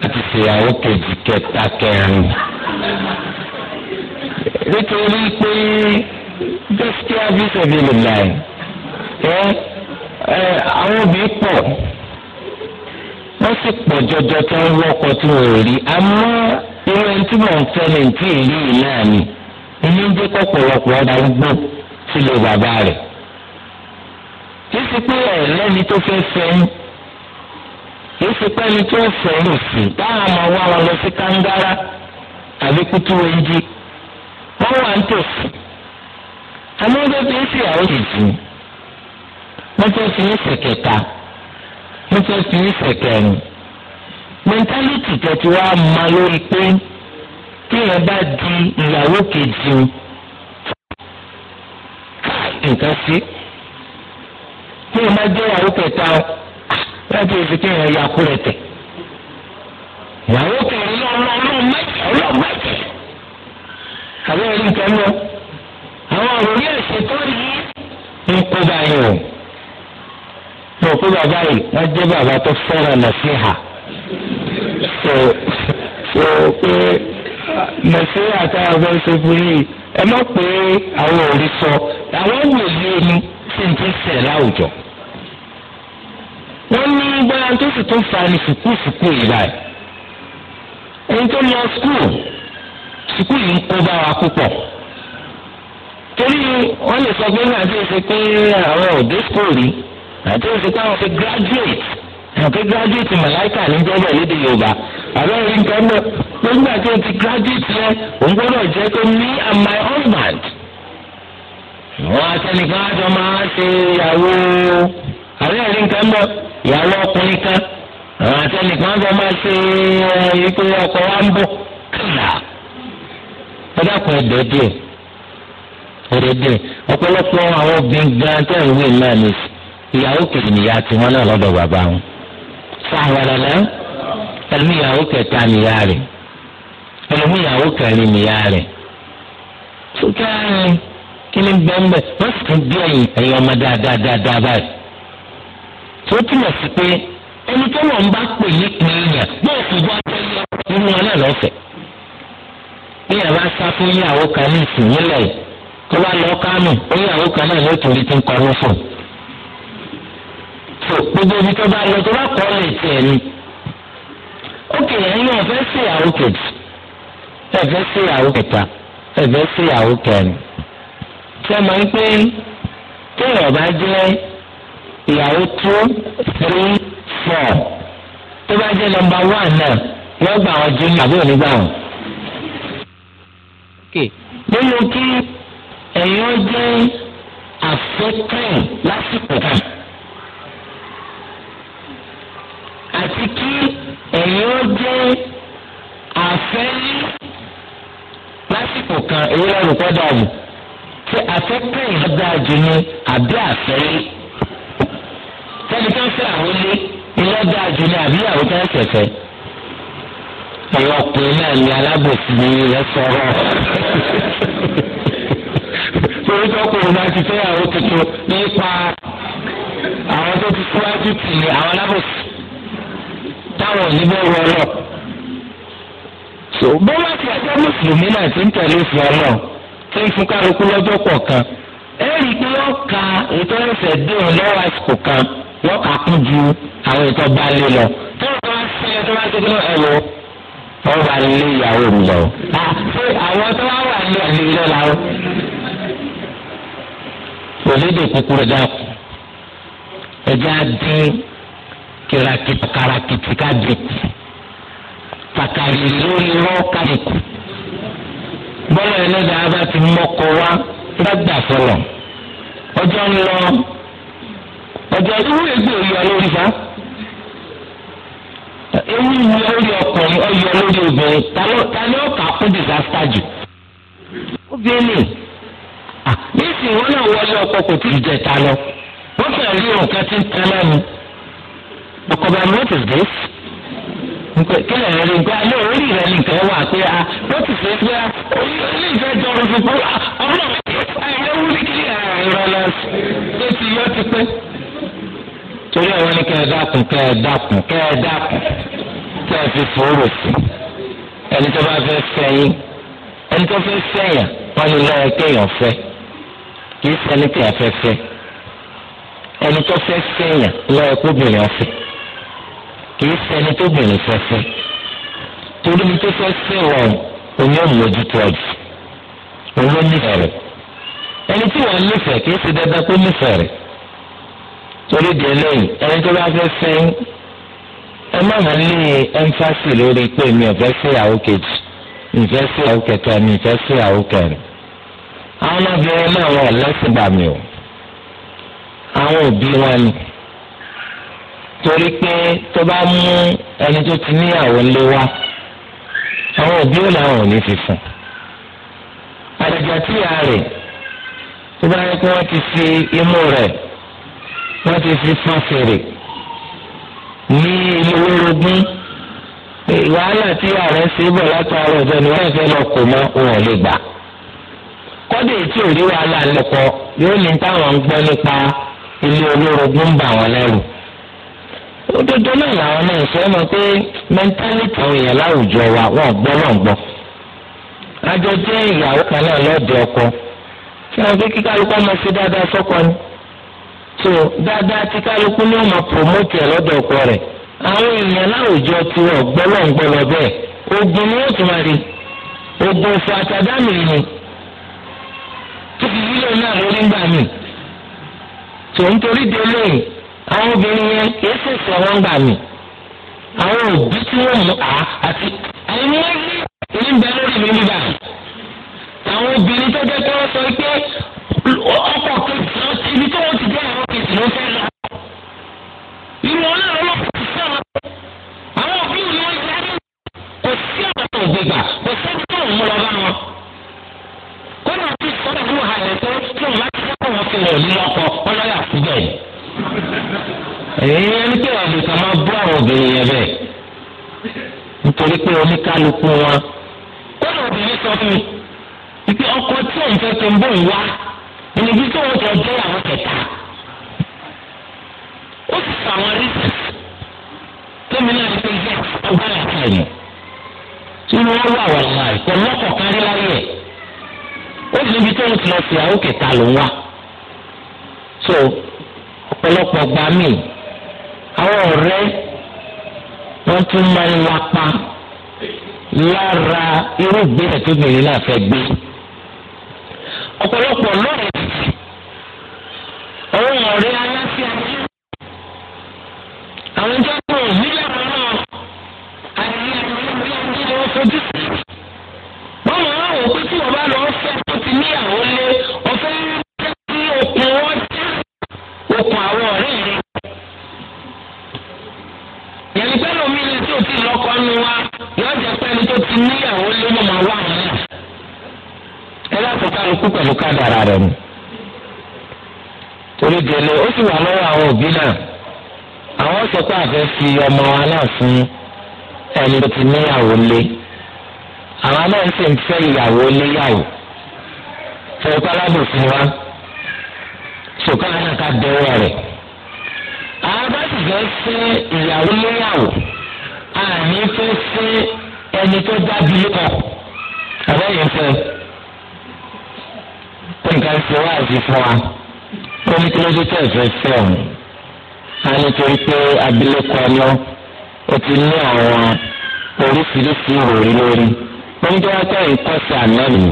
Speaker 1: láti ṣèyàwó kejì kẹta kẹrin nítorí pé gaskiya bí sẹ́bi lè láì ẹ àwọn obìnrin pọ̀ wọ́n sì pọ̀ jọjọ tó ń wọ́kọ̀ tí wọ́n rí àmọ́ irú ẹni tí mò ń fẹ́ ní ti rí yìí náà ni inú ń dé pọ̀pọ̀lọpọ̀ ọ̀dà ń gbò sílé bàbá rẹ̀ kí sì pé ẹ̀lẹ́ni tó fẹ́ fẹ́ ń kìí ṣe pé ẹni tó fẹ̀rù sí táwọn ọmọ wa wọn lọ sí kángára àbí kútú wẹ́ńjì wọ́n wà ń tòsí. àmọ́ ọjọ́ kìí ṣe àwọn òṣìṣẹ́ wọ́n tó fi ń ṣèkẹta wọ́n fẹ́ fi ìfẹ̀kẹ̀ ni. mẹ́ńtálítì tẹ̀tí wá máa lórí pé téèyàn bá di ìyàwó kejì nǹkan sí. téèyàn bá jẹ́ ìyàwó kẹta láti fi téèyàn ya kú rẹ̀ tẹ̀. ìyàwó kẹrin náà lọ ọlọ́run mẹ́tẹ̀ ọlọ́run mẹ́tẹ̀. àbẹ́rẹ́ nǹkan lọ àwọn òròlé ẹ̀sìn tó rí nǹkó báyìí o mo kó bàbá yìí wọ́n jẹ́ bàbá tó fẹ́ràn nàṣíhà so so pé nàṣíhà táwọn fẹ́ ṣe fún yìí ẹ má pé àwọn òrí sọ àwọn wòlíì ni tí n ti sẹ̀ láwùjọ wọ́n ní gbọ́dọ̀ tó sì tún fa ni fùkúfùkú yìí báyìí ẹni tó lọ skul skul yìí ń kó bá wa púpọ̀ torí wọ́n lè sọ pé nígbà tí ó ṣe pé àwọn òde skul rí àti ó sì pé àwọn fi graduate àwọn fi graduate màláìkà ní gbọ́dọ̀ lédè yorùbá àbẹ́ rí nǹkan náà nígbà tí o ti graduate yẹ òun gbọ́dọ̀ jẹ́ pé me and my husband.
Speaker 2: wọ́n atẹnìkan àjọ máa
Speaker 1: ṣe ìyàwó àbẹ́ rí nǹkan náà ìyàwó ọkùnrin kan àwọn atẹnìkan àjọ máa ṣe ìpè ọkọ wa ń bọ̀ kàlà. ẹ dákun ẹ dẹ́ díẹ̀ ẹ dẹ́ díẹ̀ ọ̀pọ̀lọpọ̀ àwọn obìnrin gan tẹ̀ ń wí náà nìyí ìyàwó kejì nìyá tiwọn náà lọ́dọ̀ bàbá wọn sàwàlàlà ẹlòmí ìyàwó kẹta nìyá rẹ̀ ẹlòmí ìyàwó kẹrin nìyá rẹ̀ sókè ààrẹ kí ni bẹ́ẹ̀ wọ́n sì ń bí ẹ̀yìn ẹ̀yìn ọmọ dáadáa dáadáa báyìí tó túmọ̀ sí pé ẹni tó wọ́n bá pè nípìn èèyàn bóò fún bá tẹ́lẹ̀ nínú ọ̀nà lọ́fẹ̀ẹ́ bí bá sá fún ìyàwó kan ní ìsìn nílẹ̀ yìí bá lọ kánù ó kan náà ló torí ètò gbogbo ibi tó bá lọ tó bá kọ́ lè tiẹ̀ ni. ókè ẹ̀yin náà fẹ́ sí ìyàwó kejì ẹ fẹ́ sí ìyàwó kẹta ẹ fẹ́ sí ìyàwó kẹrin. ṣé ẹ máa ń pé téèyàn bá jẹ́ ìyàwó tó three four tó bá jẹ́ nọ́mbà one náà yóò gbà wọn jù ní àbí òní gbà wọn. nínú kí ẹ̀yin ó jẹ́ àfẹ́kẹ́ lásìkò kan. àfẹ́ yí lásìkò kan èyí lẹ́nu kọ́dà mù ṣé àfẹ́ kẹ́yìn dáa jù ní àbí àfẹ́ yí tẹnikẹ́ fẹ́ àwọn ilé ilé dáa jù ní àbí àwọn tẹ́ ṣẹ̀fẹ́ ẹ̀yọ́ ọkùnrin náà ní alábòsí ní ilẹ̀ sọ̀rọ̀
Speaker 2: torí tọkùnrin náà ti fẹ́ àwọn tuntun
Speaker 1: nípa àwọn tó ti síwájú tì ní àwọn alábòsí táwọn ò ní bẹ́ẹ̀ wọ ọlọ́ọ̀ so bọ́lá ti ẹjọ́ mùsùlùmí náà ti ń tẹ̀lé òfin ọlọ́run tí ń fún kálukú lọ́jọ́ kọ̀ọ̀kan ẹ rí i pé wọ́n ka ètò ẹsẹ̀ dé òun lọ́wọ́ àsìkò kan wọ́n kà kún ju àwọn ètò ọba lé lọ tó ń bá sílẹ̀ tó bá ti dé ẹ̀rọ
Speaker 2: wọ́n bá lé ìyàwó mi lọ.
Speaker 1: ṣé àwọn tó wá wà ní ẹ̀lẹ́ ilé làwọn. òlédè kúkúrú dákú ẹjẹ́ á dín kìràkìtì kàràkìtì ká dín kù. sàkàrì lórí irọ́ kárìkù bọ́lá ẹlẹ́dàá bá ti mọ́kọ wá lọ́gbà fọlọ̀ ọjọ́ ń lọ ọjọ́ irú ègbè òyà lórí fa ewu ìwé lórí ọkùnrin ọyọ lórí obìnrin ta ni ó kà á kó disaster jù obìnrin nísìnyí wọn náà wọlé ọkọ kò tí ì jẹta lọ wọn fẹẹ rí nǹkan tí ń tẹ lẹ́nu ọkọ bá mi is this. nǹkan kí lè rí nǹkan ayé orí rẹ nìkan wà pé a ó ti ṣe pé a orí ilé ìfẹ́ jọrọ fúnfún ọmọ ẹ̀rọ wúlí kí ẹ̀rọ lọ sí ti yọ ti pé. torí àwọn ni kẹ́ ẹ dákun kẹ́ ẹ dákun kẹ́ ẹ dákun kẹ́ ẹ fi fòrò sí ẹni tó bá fẹ́ sẹ́yìn ẹni tó fẹ́ sẹ́yìn wọ́n ní lọ́wọ́ kéèyàn fẹ́ kì í sẹ́ni kéèyàn fẹ́ fẹ́ ẹni tó fẹ́ sẹ́yìn lọ́wọ́ kóbìnrin ọ̀fẹ́ kìí ṣẹni tó bìnrin fẹ́fẹ́ torí ní tó fẹ́fẹ́ wọn oní òmòjútó ọ̀jù òun nífẹ̀ẹ́ rẹ̀ ẹni tí wọ́n nífẹ̀ẹ́ kìí ṣe dandan kó nífẹ̀ẹ́ rẹ̀ torí di eléyìí ẹni tó bá fẹ́ fẹ́ ẹ má hàn ní ẹnfàsì lórí pé mi ò fẹ́ fẹ́ ìyàwó kejì mi fẹ́ fẹ́ ìyàwó kẹta mi fẹ́ fẹ́ ìyàwó kẹrin àwọn ọmọbìnrin náà wọn lẹ́sìn bàmí o àwọn òbí wọn ni torí pé tó bá mú ẹni tó ti níyàwó lé wá àwọn òbí ò làwọn ò ní fi fún àjàjà tí ìyá rẹ̀ tó bá yẹ kó wọ́n ti fi imú rẹ̀ wọ́n ti fi fún fèrè ní ilé orogún wàhálà tí ìyá rẹ̀ ṣe bọ̀ látàrí ọ̀dọ́ ni wọ́n fẹ́ lọ kó mọ́ òun ò lè gbà kọ́dé tí ò rí wàhálà lọ́kọ yóò ní táwọn ń gbọ́ nípa ilé olórogún ń bà wọ́n lẹ́rù. òdodo náà làwọn náà sọ ma pé mẹńtálítì àwọn èèyàn láwùjọ wa wọn gbọ́ wọn gbọ́ àjọ tí ìyàwó kan ọkọ tí wọn pé kí ọmọ sí dáadáa sọ́kọ ni so dáadáa tí kálukú ní ọmọ promote ọkọ àwọn èèyàn láwùjọ tí wọn gbọ́ wọn gbọ́ lọ bẹ́ẹ̀ ogun ni tún máa rí ogun àwọn obìnrin yẹn kìí sì sọ wọn gbà mí àwọn òbí tí wọn mú a àti àìmọ́lẹ́ ní bẹ́ẹ̀ lórí mi nígbà àwọn obìnrin tó jẹ́ pé wọ́n sọ pé ọkọ̀ kejì ibi tó wọ́n ti jẹ́ àwọn kejì ló fẹ́ lọ. irú wọn náà lọ́wọ́ kò sí àwọn àwọn òbí mi wọ́n ti rí kò sí àwọn tó gbégbà kò sẹ́ni tó ń mú lọ bá wọn. kó náà ti sọ ìlú àlẹ́ tó tí òun bá ti dẹ́kun wọn fi lọ ní lọ́kọ̀ ọlọ́yà síbẹ̀ èyí ẹni tí wọ́n fi kàn máa bọ́ àwọn obìnrin yẹn bẹ́ẹ̀ nítorí pé oníkálukú wọn kọ́nà obìnrin sọ fún mi ipe ọkọ tí òun fẹ́ tó ń bọ̀ ń wá ìnibí tí òun jọ jẹ́ àwọn kẹta ó sì fàwọn rí tómi náà ṣe jẹ́ ọgbà làkà yẹn tí wọ́n wà wà láì kọ́ lọ́kọ̀ọ́kan rí láyé ẹ̀ ó sì níbi tí òun ti lọ sí àwọn kẹta ló ń wá so ọ̀pọ̀lọpọ̀ gbà mí àwọn ọ̀rẹ́ wọ́n tún máa ń lapa lára irú ìgbésẹ̀ tó bèrè náà fẹ́ gbé ọ̀pọ̀lọpọ̀ lóòrè
Speaker 2: lọ́kọ́ nu wa
Speaker 1: yóò jẹ́ pé ẹni tó ti níyàwó lé mọ̀ máa wà wọn náà. ẹ láti kálukú pẹ̀lú kádàrà rẹ̀ ni. torí délé ó sì wà lọ́wọ́ àwọn òbí náà àwọn sọ pé àfẹ́ fi ọmọ wa náà fún ẹni tó ti níyàwó lé àwọn náà sì ń fẹ́ ìyàwó léyàwó fẹ́ pálábò fún wa sọ̀kọ́ àná ká bẹ̀rẹ̀ rẹ̀ àwọn bá sì fẹ́ fẹ́ ìyàwó léyàwó àní fẹ́ sí ẹni tó dábì ọ̀ àbẹ́yẹ fẹ́ pé nǹkan ṣe wá àti fún wa ó ní kí ló ṣe tẹ̀ fẹ́ fẹ́ ọ̀hún a nítorí pé abilékọ ọlọ́ ó ti ní àwọn oríṣiríṣi ìròrí lórí wọ́n jẹ́ wá tẹ̀yìn kọ́sì ànábì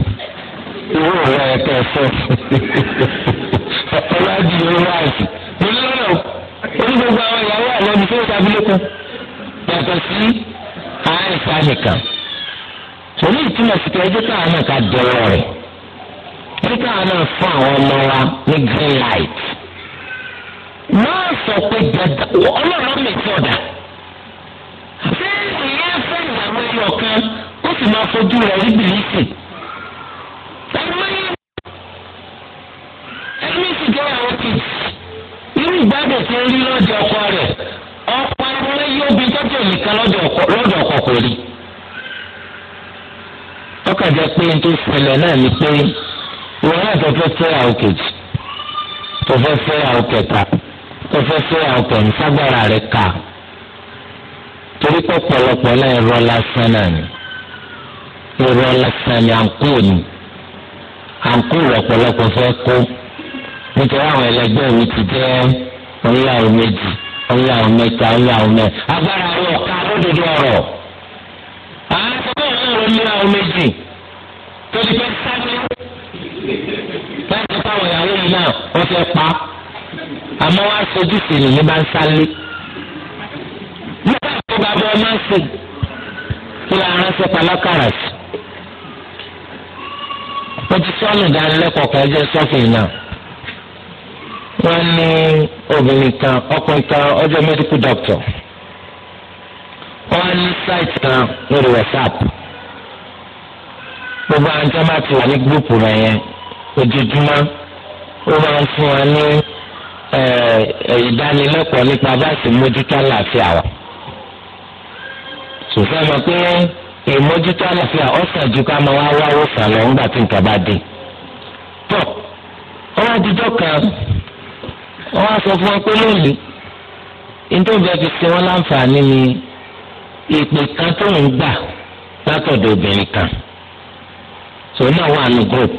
Speaker 1: irú òun ẹ̀ tẹ̀ fẹ́ ọlọ́dún yóò wá sí i onígbogbo àwọn ìyàwó ànábì tó ń sábìlẹ́kọ̀ọ́ yàtọ̀ sí àìsà nìkan sọlá ìtumọ̀ sìkẹ́ ẹjẹ́ káwọn náà ká dọ̀rọ̀ rẹ̀ ẹjẹ́ káwọn náà fún àwọn ọmọ wa ní green light máa sọ pé dandan ọlọ́run lè fi ọ̀dà ṣé ìyá fẹ́ ìyàwó ẹyọ kan ó sì máa fojú rẹ̀ rí bìlísì ẹni sì jẹ́ àwọn kejì irú ìgbádùn tó ń rí lọ́jọ́ ọkọ rẹ̀ ọ̀pọ̀ abúlé yóò bí tọ́jú nìkan lọ́dọ̀ ọkọ̀ kò rí. ọkàdé pé n tó ṣẹlẹ̀ náà ni pé ìwọ́n náà tó fẹ́ fẹ́ àwọn kejì tó fẹ́ fẹ́ àwọn kẹta tó fẹ́ fẹ́ àwọn kẹrin ságbára rẹ̀ kà torí pé ọ̀pọ̀lọpọ̀ náà ẹ̀rọ lásán náà ni ẹ̀rọ lásán ni à ń kú ni à ń kú ọ̀pọ̀lọpọ̀ fẹ́ kó nítorí àwọn ẹlẹgbẹ́ mi ti jẹ́ ńlá méjì ọlá àwọn mẹ́ta ọlá àwọn mẹ agbára rẹ ọ̀ka lódodo ọ̀rọ̀ àtọ́kọ̀ ọ̀rọ̀ ní àwọn méjì tó ti fẹ́ sáré láti fáwọn ìyàwó yìí náà wọ́n fẹ́ pa àmọ́ wọ́n á sojú sí ni ní bá ń sáré nígbà tó bá bọ́ máa ń sè kí la ránṣẹ́ palákàrà sí. mo ti sọ́nù dánilẹ́kọ̀ọ́ kan jẹ́ sọ́fìn náà. wọ́n ní obìnrin kan ọkùnrin kan ọjọ́ medical doctor wọ́n ní site kan lórí whatsapp gbogbo àwọn máa ti wà ní gúrúùpù rẹ̀ yẹn ojoojúmọ́ ó máa ń fún wa ní ìdánilẹ́kọ̀ọ́ nípa bá mójútó àlàáfíà wa pé ìmójútó àlàáfíà ju ká máa wá wáwó sàn bá dé. tọ́ ọ wá wọ́n wá sọ fún wọn pé lónìí nítorí fi ṣe wọ́n láǹfààní ni ìpè kan tó ń gbà látọ̀dọ̀ obìnrin kan tòun ní group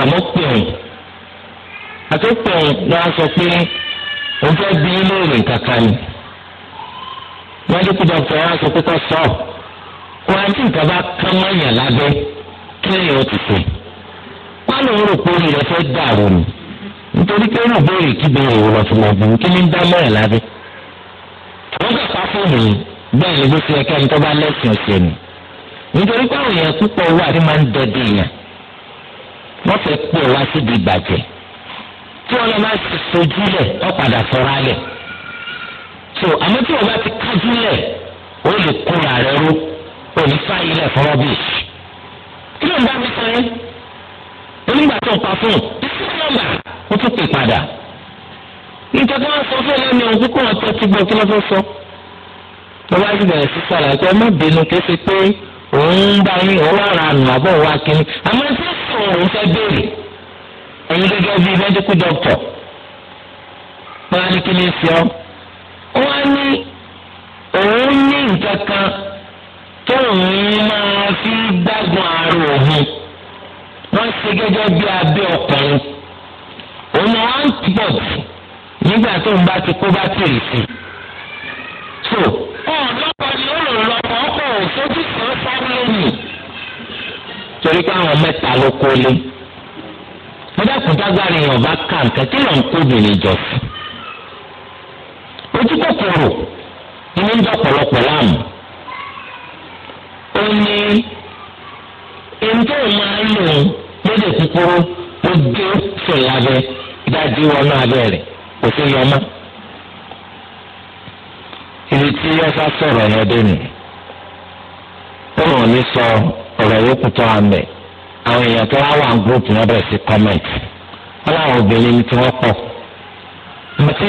Speaker 1: àmọ́ pè òun àti ni wọ́n sọ pé òun fẹ́ bí lóòrè kankan ni mẹ́díkù wọn sọ pé nítorí pé irú ìbéèrè kí béèrè wò lọ sí ma bí kí ni ń dá mọ́rẹ̀ lábẹ́. wọ́n kà pa fóònù yìí bẹ́ẹ̀ ni bó ti yẹ kẹ́ni tó bá lẹ́sìn ọ̀sẹ̀ nù. nítorí pé àwọn èèyàn púpọ̀ wà ní máa ń dọ́dẹ èèyàn wọ́n fẹ́ pé wá síbi ìbàjẹ́ tí wọ́n lọ máa sojú lẹ̀ wọ́n padà fọ́ra lẹ̀. so àmọ́ tí wọ́n bá ti kájú lẹ̀ ó lè kóra rẹ̀ ró òní fáyín nọ́mbà ó tún pè padà níta kí wọ́n sọ fún sọ. bẹ̀rẹ̀ sí sọ̀rọ̀ àti ọmọ ìbínú kí ó pé òun ń bá yín òun wà ra àbọ̀ wá kínní àmọ́ sọ òun fẹ́ béèrè gẹ́gẹ́ bíi wọ́n á ní kí ni ọ́ wọ́n á ní òun ní nǹkan kan tó òun máa fi òun ni wọ́n ń pọ̀ sí nígbà tó ń bá ti kó bátìrì sí i. so ọ̀dọ́kọ ni ó lò lọ́kọ̀ ọkọ̀ òfojú sí ó sáré lónìí. torí pé àwọn mẹ́ta ló kólé. mo dákun dágbára èèyàn bá kà nǹkan kí ló ń kó obìnrin jọ sí i. àdí wọnú abẹ́ rẹ̀ kò sí yọmọ. ibi tí yọ́sá yẹn dé ó ràn sọ ọ̀rọ̀ yòókù tó wà àwọn èèyàn tó wá wà ń gúrùpù náà bẹ̀rẹ̀ sí àti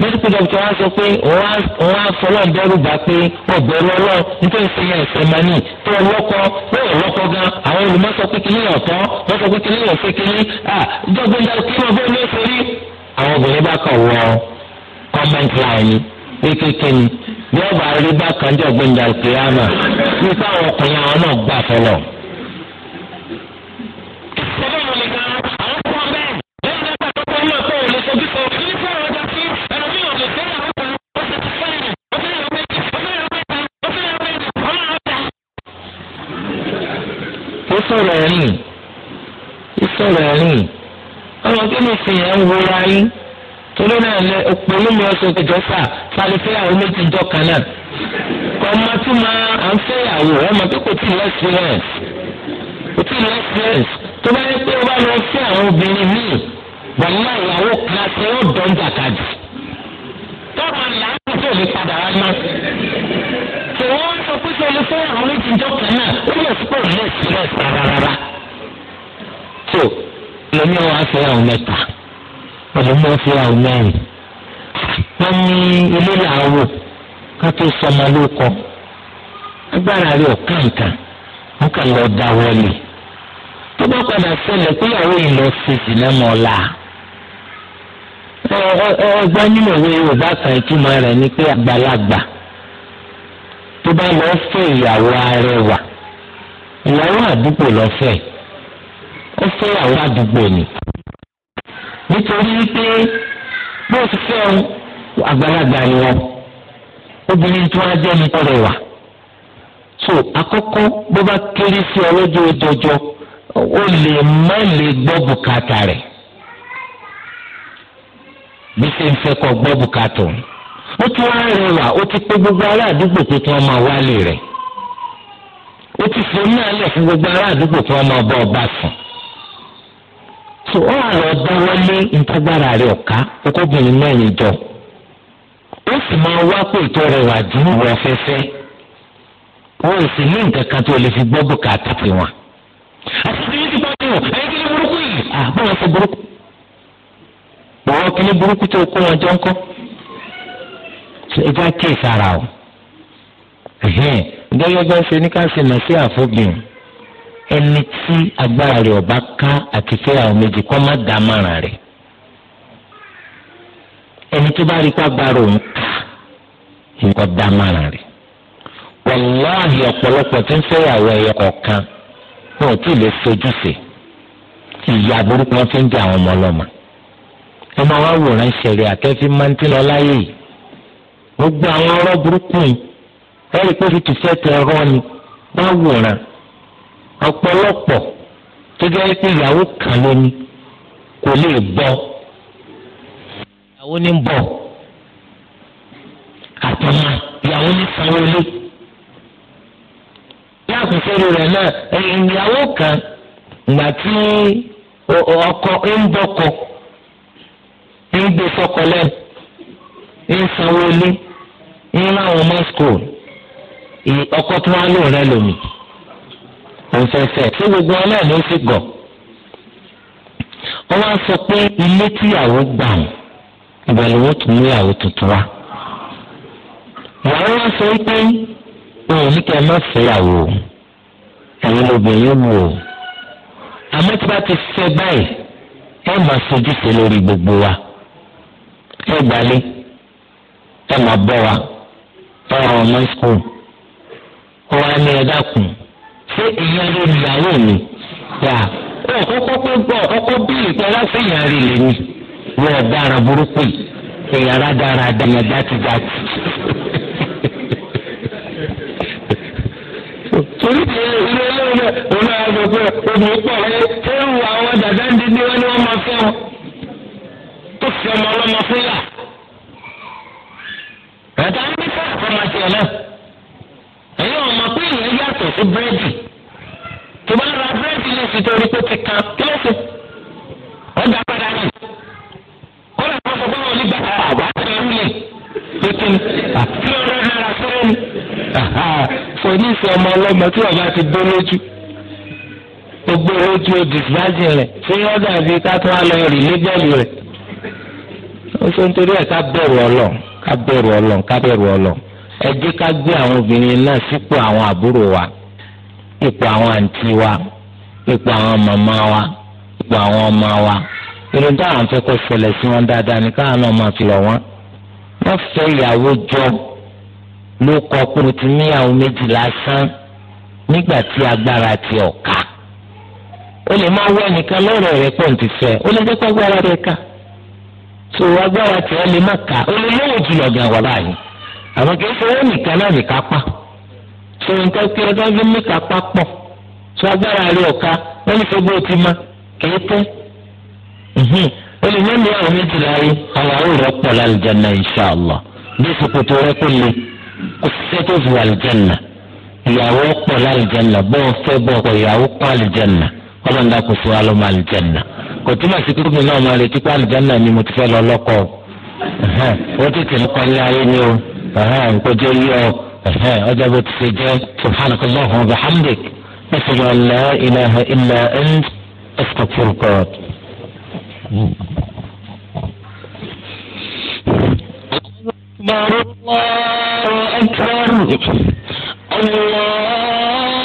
Speaker 1: mẹ́tíkù dọ́kítọ̀ wá sọ pé òun á fọlọ́ bẹ́rù gbà pé ọ̀bẹ̀rù ọlọ́run nítorí sí ẹ̀sẹ̀ mání tó lọ́kọ́ pé ọ̀lọ́kọ́ gan àwọn wọ́n sọ pé kí wọ́n bẹ́ẹ̀ ló ṣe rí. àwọn obìnrin bá wọ pé bí ọba sọ̀rọ̀ ẹ̀rìn ìsọ̀rọ̀ ẹ̀rìn ọ̀rọ̀ kí ni ìsìn yẹn ń wúra yín torí náà lẹ òpó olómi kan náà tí ma à ń fẹ́yàwó ọmọ tó kò tí ì kò tí ì tó bá yẹ pé ó bá lọ fẹ́ àwọn obìnrin míì wàlúwà ìyàwó tó wọ́n sọ pé kí olè fẹ́ràn àwọn méjì jọ kan náà ó yẹ kó lè sílẹ̀ rárá. tó lómi wọn á fẹ́ràn àwọn mẹ́ta ọ̀dọ́mọ fẹ́ràn àwọn mẹ́rin wọ́n ní ilé làwọ̀ ká tó sọmọ ló kọ agbára rẹ̀ ọ̀kàǹkàn wọ́n kà lọ da wọlé tó bá padà ṣẹlẹ̀ pé ìyàwó yìí lọ sí ìsìnlẹ́mọ̀ ọ̀la ọgbọ́n nínú ìwé Yorùbá kan ìtumọ̀ rẹ̀ ni pé àgbàlagbà tó bá lọ fẹ́ ìyàwó arẹwà ìyàwó àdúgbò lọ fẹ́ ó fẹ́ ìyàwó àdúgbò ni nítorí pé bó ti fẹ́ àgbàlagbà ni wọn obìnrin tó wá jẹ́ nípa rẹwà so àkọ́kọ́ bó bá kéré sí ọlọ́jọ́ ìjọjọ́ ó lè má lè gbọ́ bùkátà rẹ̀ bí ṣe kọ́ gbọ́ bùkátà rẹ̀ ó ti wá rẹwà ó ti pé gbogbo ará àdúgbò pé kí wọ́n wálé ó ti fi ní fún gbogbo ará àdúgbò kí ọ máa ọba sùn tó ó àrọ̀ ọba wọlé ntagbára rẹ̀ ọ̀ká mẹ́rin jọ ó sì máa wá pé ìtọ́ rẹwà jù wọ fẹ́fẹ́ sì ní nǹkan kan tó lè fi gbọ́ àti ìdílé ti bá dùn kí ni burúkú yìí àbúrò burúkú bọ̀wọ́ ẹja kíì sára o gẹ́gẹ́ bá ṣe ní ká ṣe mọ̀ sí àfọ́bìn ẹni tí agbára rẹ̀ ọba ká àti fẹ́yàwó méjì kọ́ má dá mọ́ra rẹ̀ ẹni tó bá rí pàgbára òun ká nǹkan dá mọ́ra rẹ̀ wàláhì ọ̀pọ̀lọpọ̀ tí ń fẹ́yàwó ẹyọ kọ̀ọ̀kan wọn ò tí ì lè sojúṣe ìyá burúkú wọn fi ń jẹ àwọn ọmọ ọlọ́mọ ẹ máa wá wòran ṣẹlẹ̀ àkẹ́fí máa ń tí lọ láyé yìí gbogbo àwọn ọ̀rọ̀ burúkú yìí ẹ̀rí pé fi tìfẹ́ tẹ ẹ̀rọ ni wọ́n wòran ọ̀pọ̀lọpọ̀ tó jẹ́ pé ìyàwó kan ló ní kò lè bọ́ ìyàwó ní bọ̀ àtọ́mà ìyàwó ní sanwó-ilé ní àkùnfẹ́rù rẹ̀ náà ìyàwó kan ìgbà tí ọkọ ń bọ́kọ ń gbé sọ́kọ lẹ́nu ń sanwó ń láwọn mọ́síkò ọkọ tí wọ́n á lò rẹ lómi tí gbogbo fi gọ̀ wọ́n wá sọ pé ilé tíyàwó gbà wọ́n ìgbà ni wọ́n tún níyàwó tuntun wá wá sọ pé òun ní kí ẹ má ẹ̀yin lóbìnrin wò ó àmọ́ tí bá ti fẹ́ báyìí ẹ máa gbogbo wa ẹ ẹ máa bọ́ wa. tọrọ ọmọ skul ó wá ní ẹ dákun ṣé èèyàn ló ní ìyàwó mi yà ó kókó pé gbọ́ kókó bí ìtọ́lá sẹ́yìn rí lè ní wọ́n ọ̀daràn burúkú èèyàn rádára àdàmọ̀ dátidátì. torí pé ilé olóòrè olóòrè pé obìnrin pọ̀ ẹ ṣé ń wo àwọn dàda ń dídí wọn ni wọ́n máa fẹ́ wọn tó fi ọmọ ọlọ́mọ fún yà. Bàtà ń máa ṣe ẹ̀ náà ẹ̀yin ọmọ pé ìyẹn yàtọ̀ sí búrẹ́dì tó bá ra búrẹ́dì lè fi torí pé ti kan kí ló fi ọjà padà ní ó lè fọ́ fọ́gbọ́n wọn nígbà àgbà tẹ̀lé wúlẹ̀ pété kí ló rẹ̀ rárá sẹ́yìn fún ní ìsìn ọmọ ọlọ́mọ tí wọ́n bá ti dó lójú gbogbo ojú dìsbájì rẹ̀ ṣé wọ́n dàbí ká tó wá lọ rí lébẹ́lì rẹ̀ ó ṣe nítorí ẹ̀ ká bẹ̀rù Ọlọ́run ká bẹ̀rù Ọlọ́run ká bẹ̀rù Ọlọ́run ẹ jẹ́ ká gbé àwọn obìnrin náà sípò àwọn àbúrò wa ipò àwọn àǹtí wa ipò àwọn màmá wa ipò àwọn ọmọ wa irun táwọn fẹ́ kó ṣẹlẹ̀ sí wọn dáadáa ní káwọn náà máa fi lọ̀ wọ́n wọ́n fẹ́ ìyàwó jọ ló kọ pé mo ti níyàwó méjì lásán nígbà tí agbára ti ọ̀ka o lè máa wọ ẹnìkan lọ́rọ̀ rẹ pọ̀ ní fẹ́ o lè dẹ́kọ̀ agbára rẹ ká so agbára tiẹ̀ lè má ka o lè lówó jùlọ gan wà báyìí àwọn kì í ṣe wọn nìkan náà nìkan pa ṣé wọn ká kí ọdún ọdún nìkan pa pọ̀ ṣé agbára rẹ ọ̀ka wọn ní fẹ́ bó ti ma kì í tẹ́ olùmọ̀mí àwọn méjìlá yìí àwọn rẹ̀ pọ̀ lálùjáná inṣàlá bí sòkòtò rẹ̀ kò le kò sẹ́ tó fi àlùjáná ìyàwó pọ̀ lálùjáná bọ́ọ̀ fẹ́ bọ́ọ̀ kọ̀ ìyàwó pọ̀ àlùjáná ọlọ́run dà kò sí wa lọ́mọ àlùjáná kò túmọ̀ sí kúrúmi náà máa retí pé àlùjáná ni mo ti fẹ́ lọ lọ́kọ̀ o ó tètè ń kọ́ ní ayé ni o. ها نكون سبحانك اللهم وبحمدك نسأل أن لا إله إلا أنت أستغفرك الله أكبر الله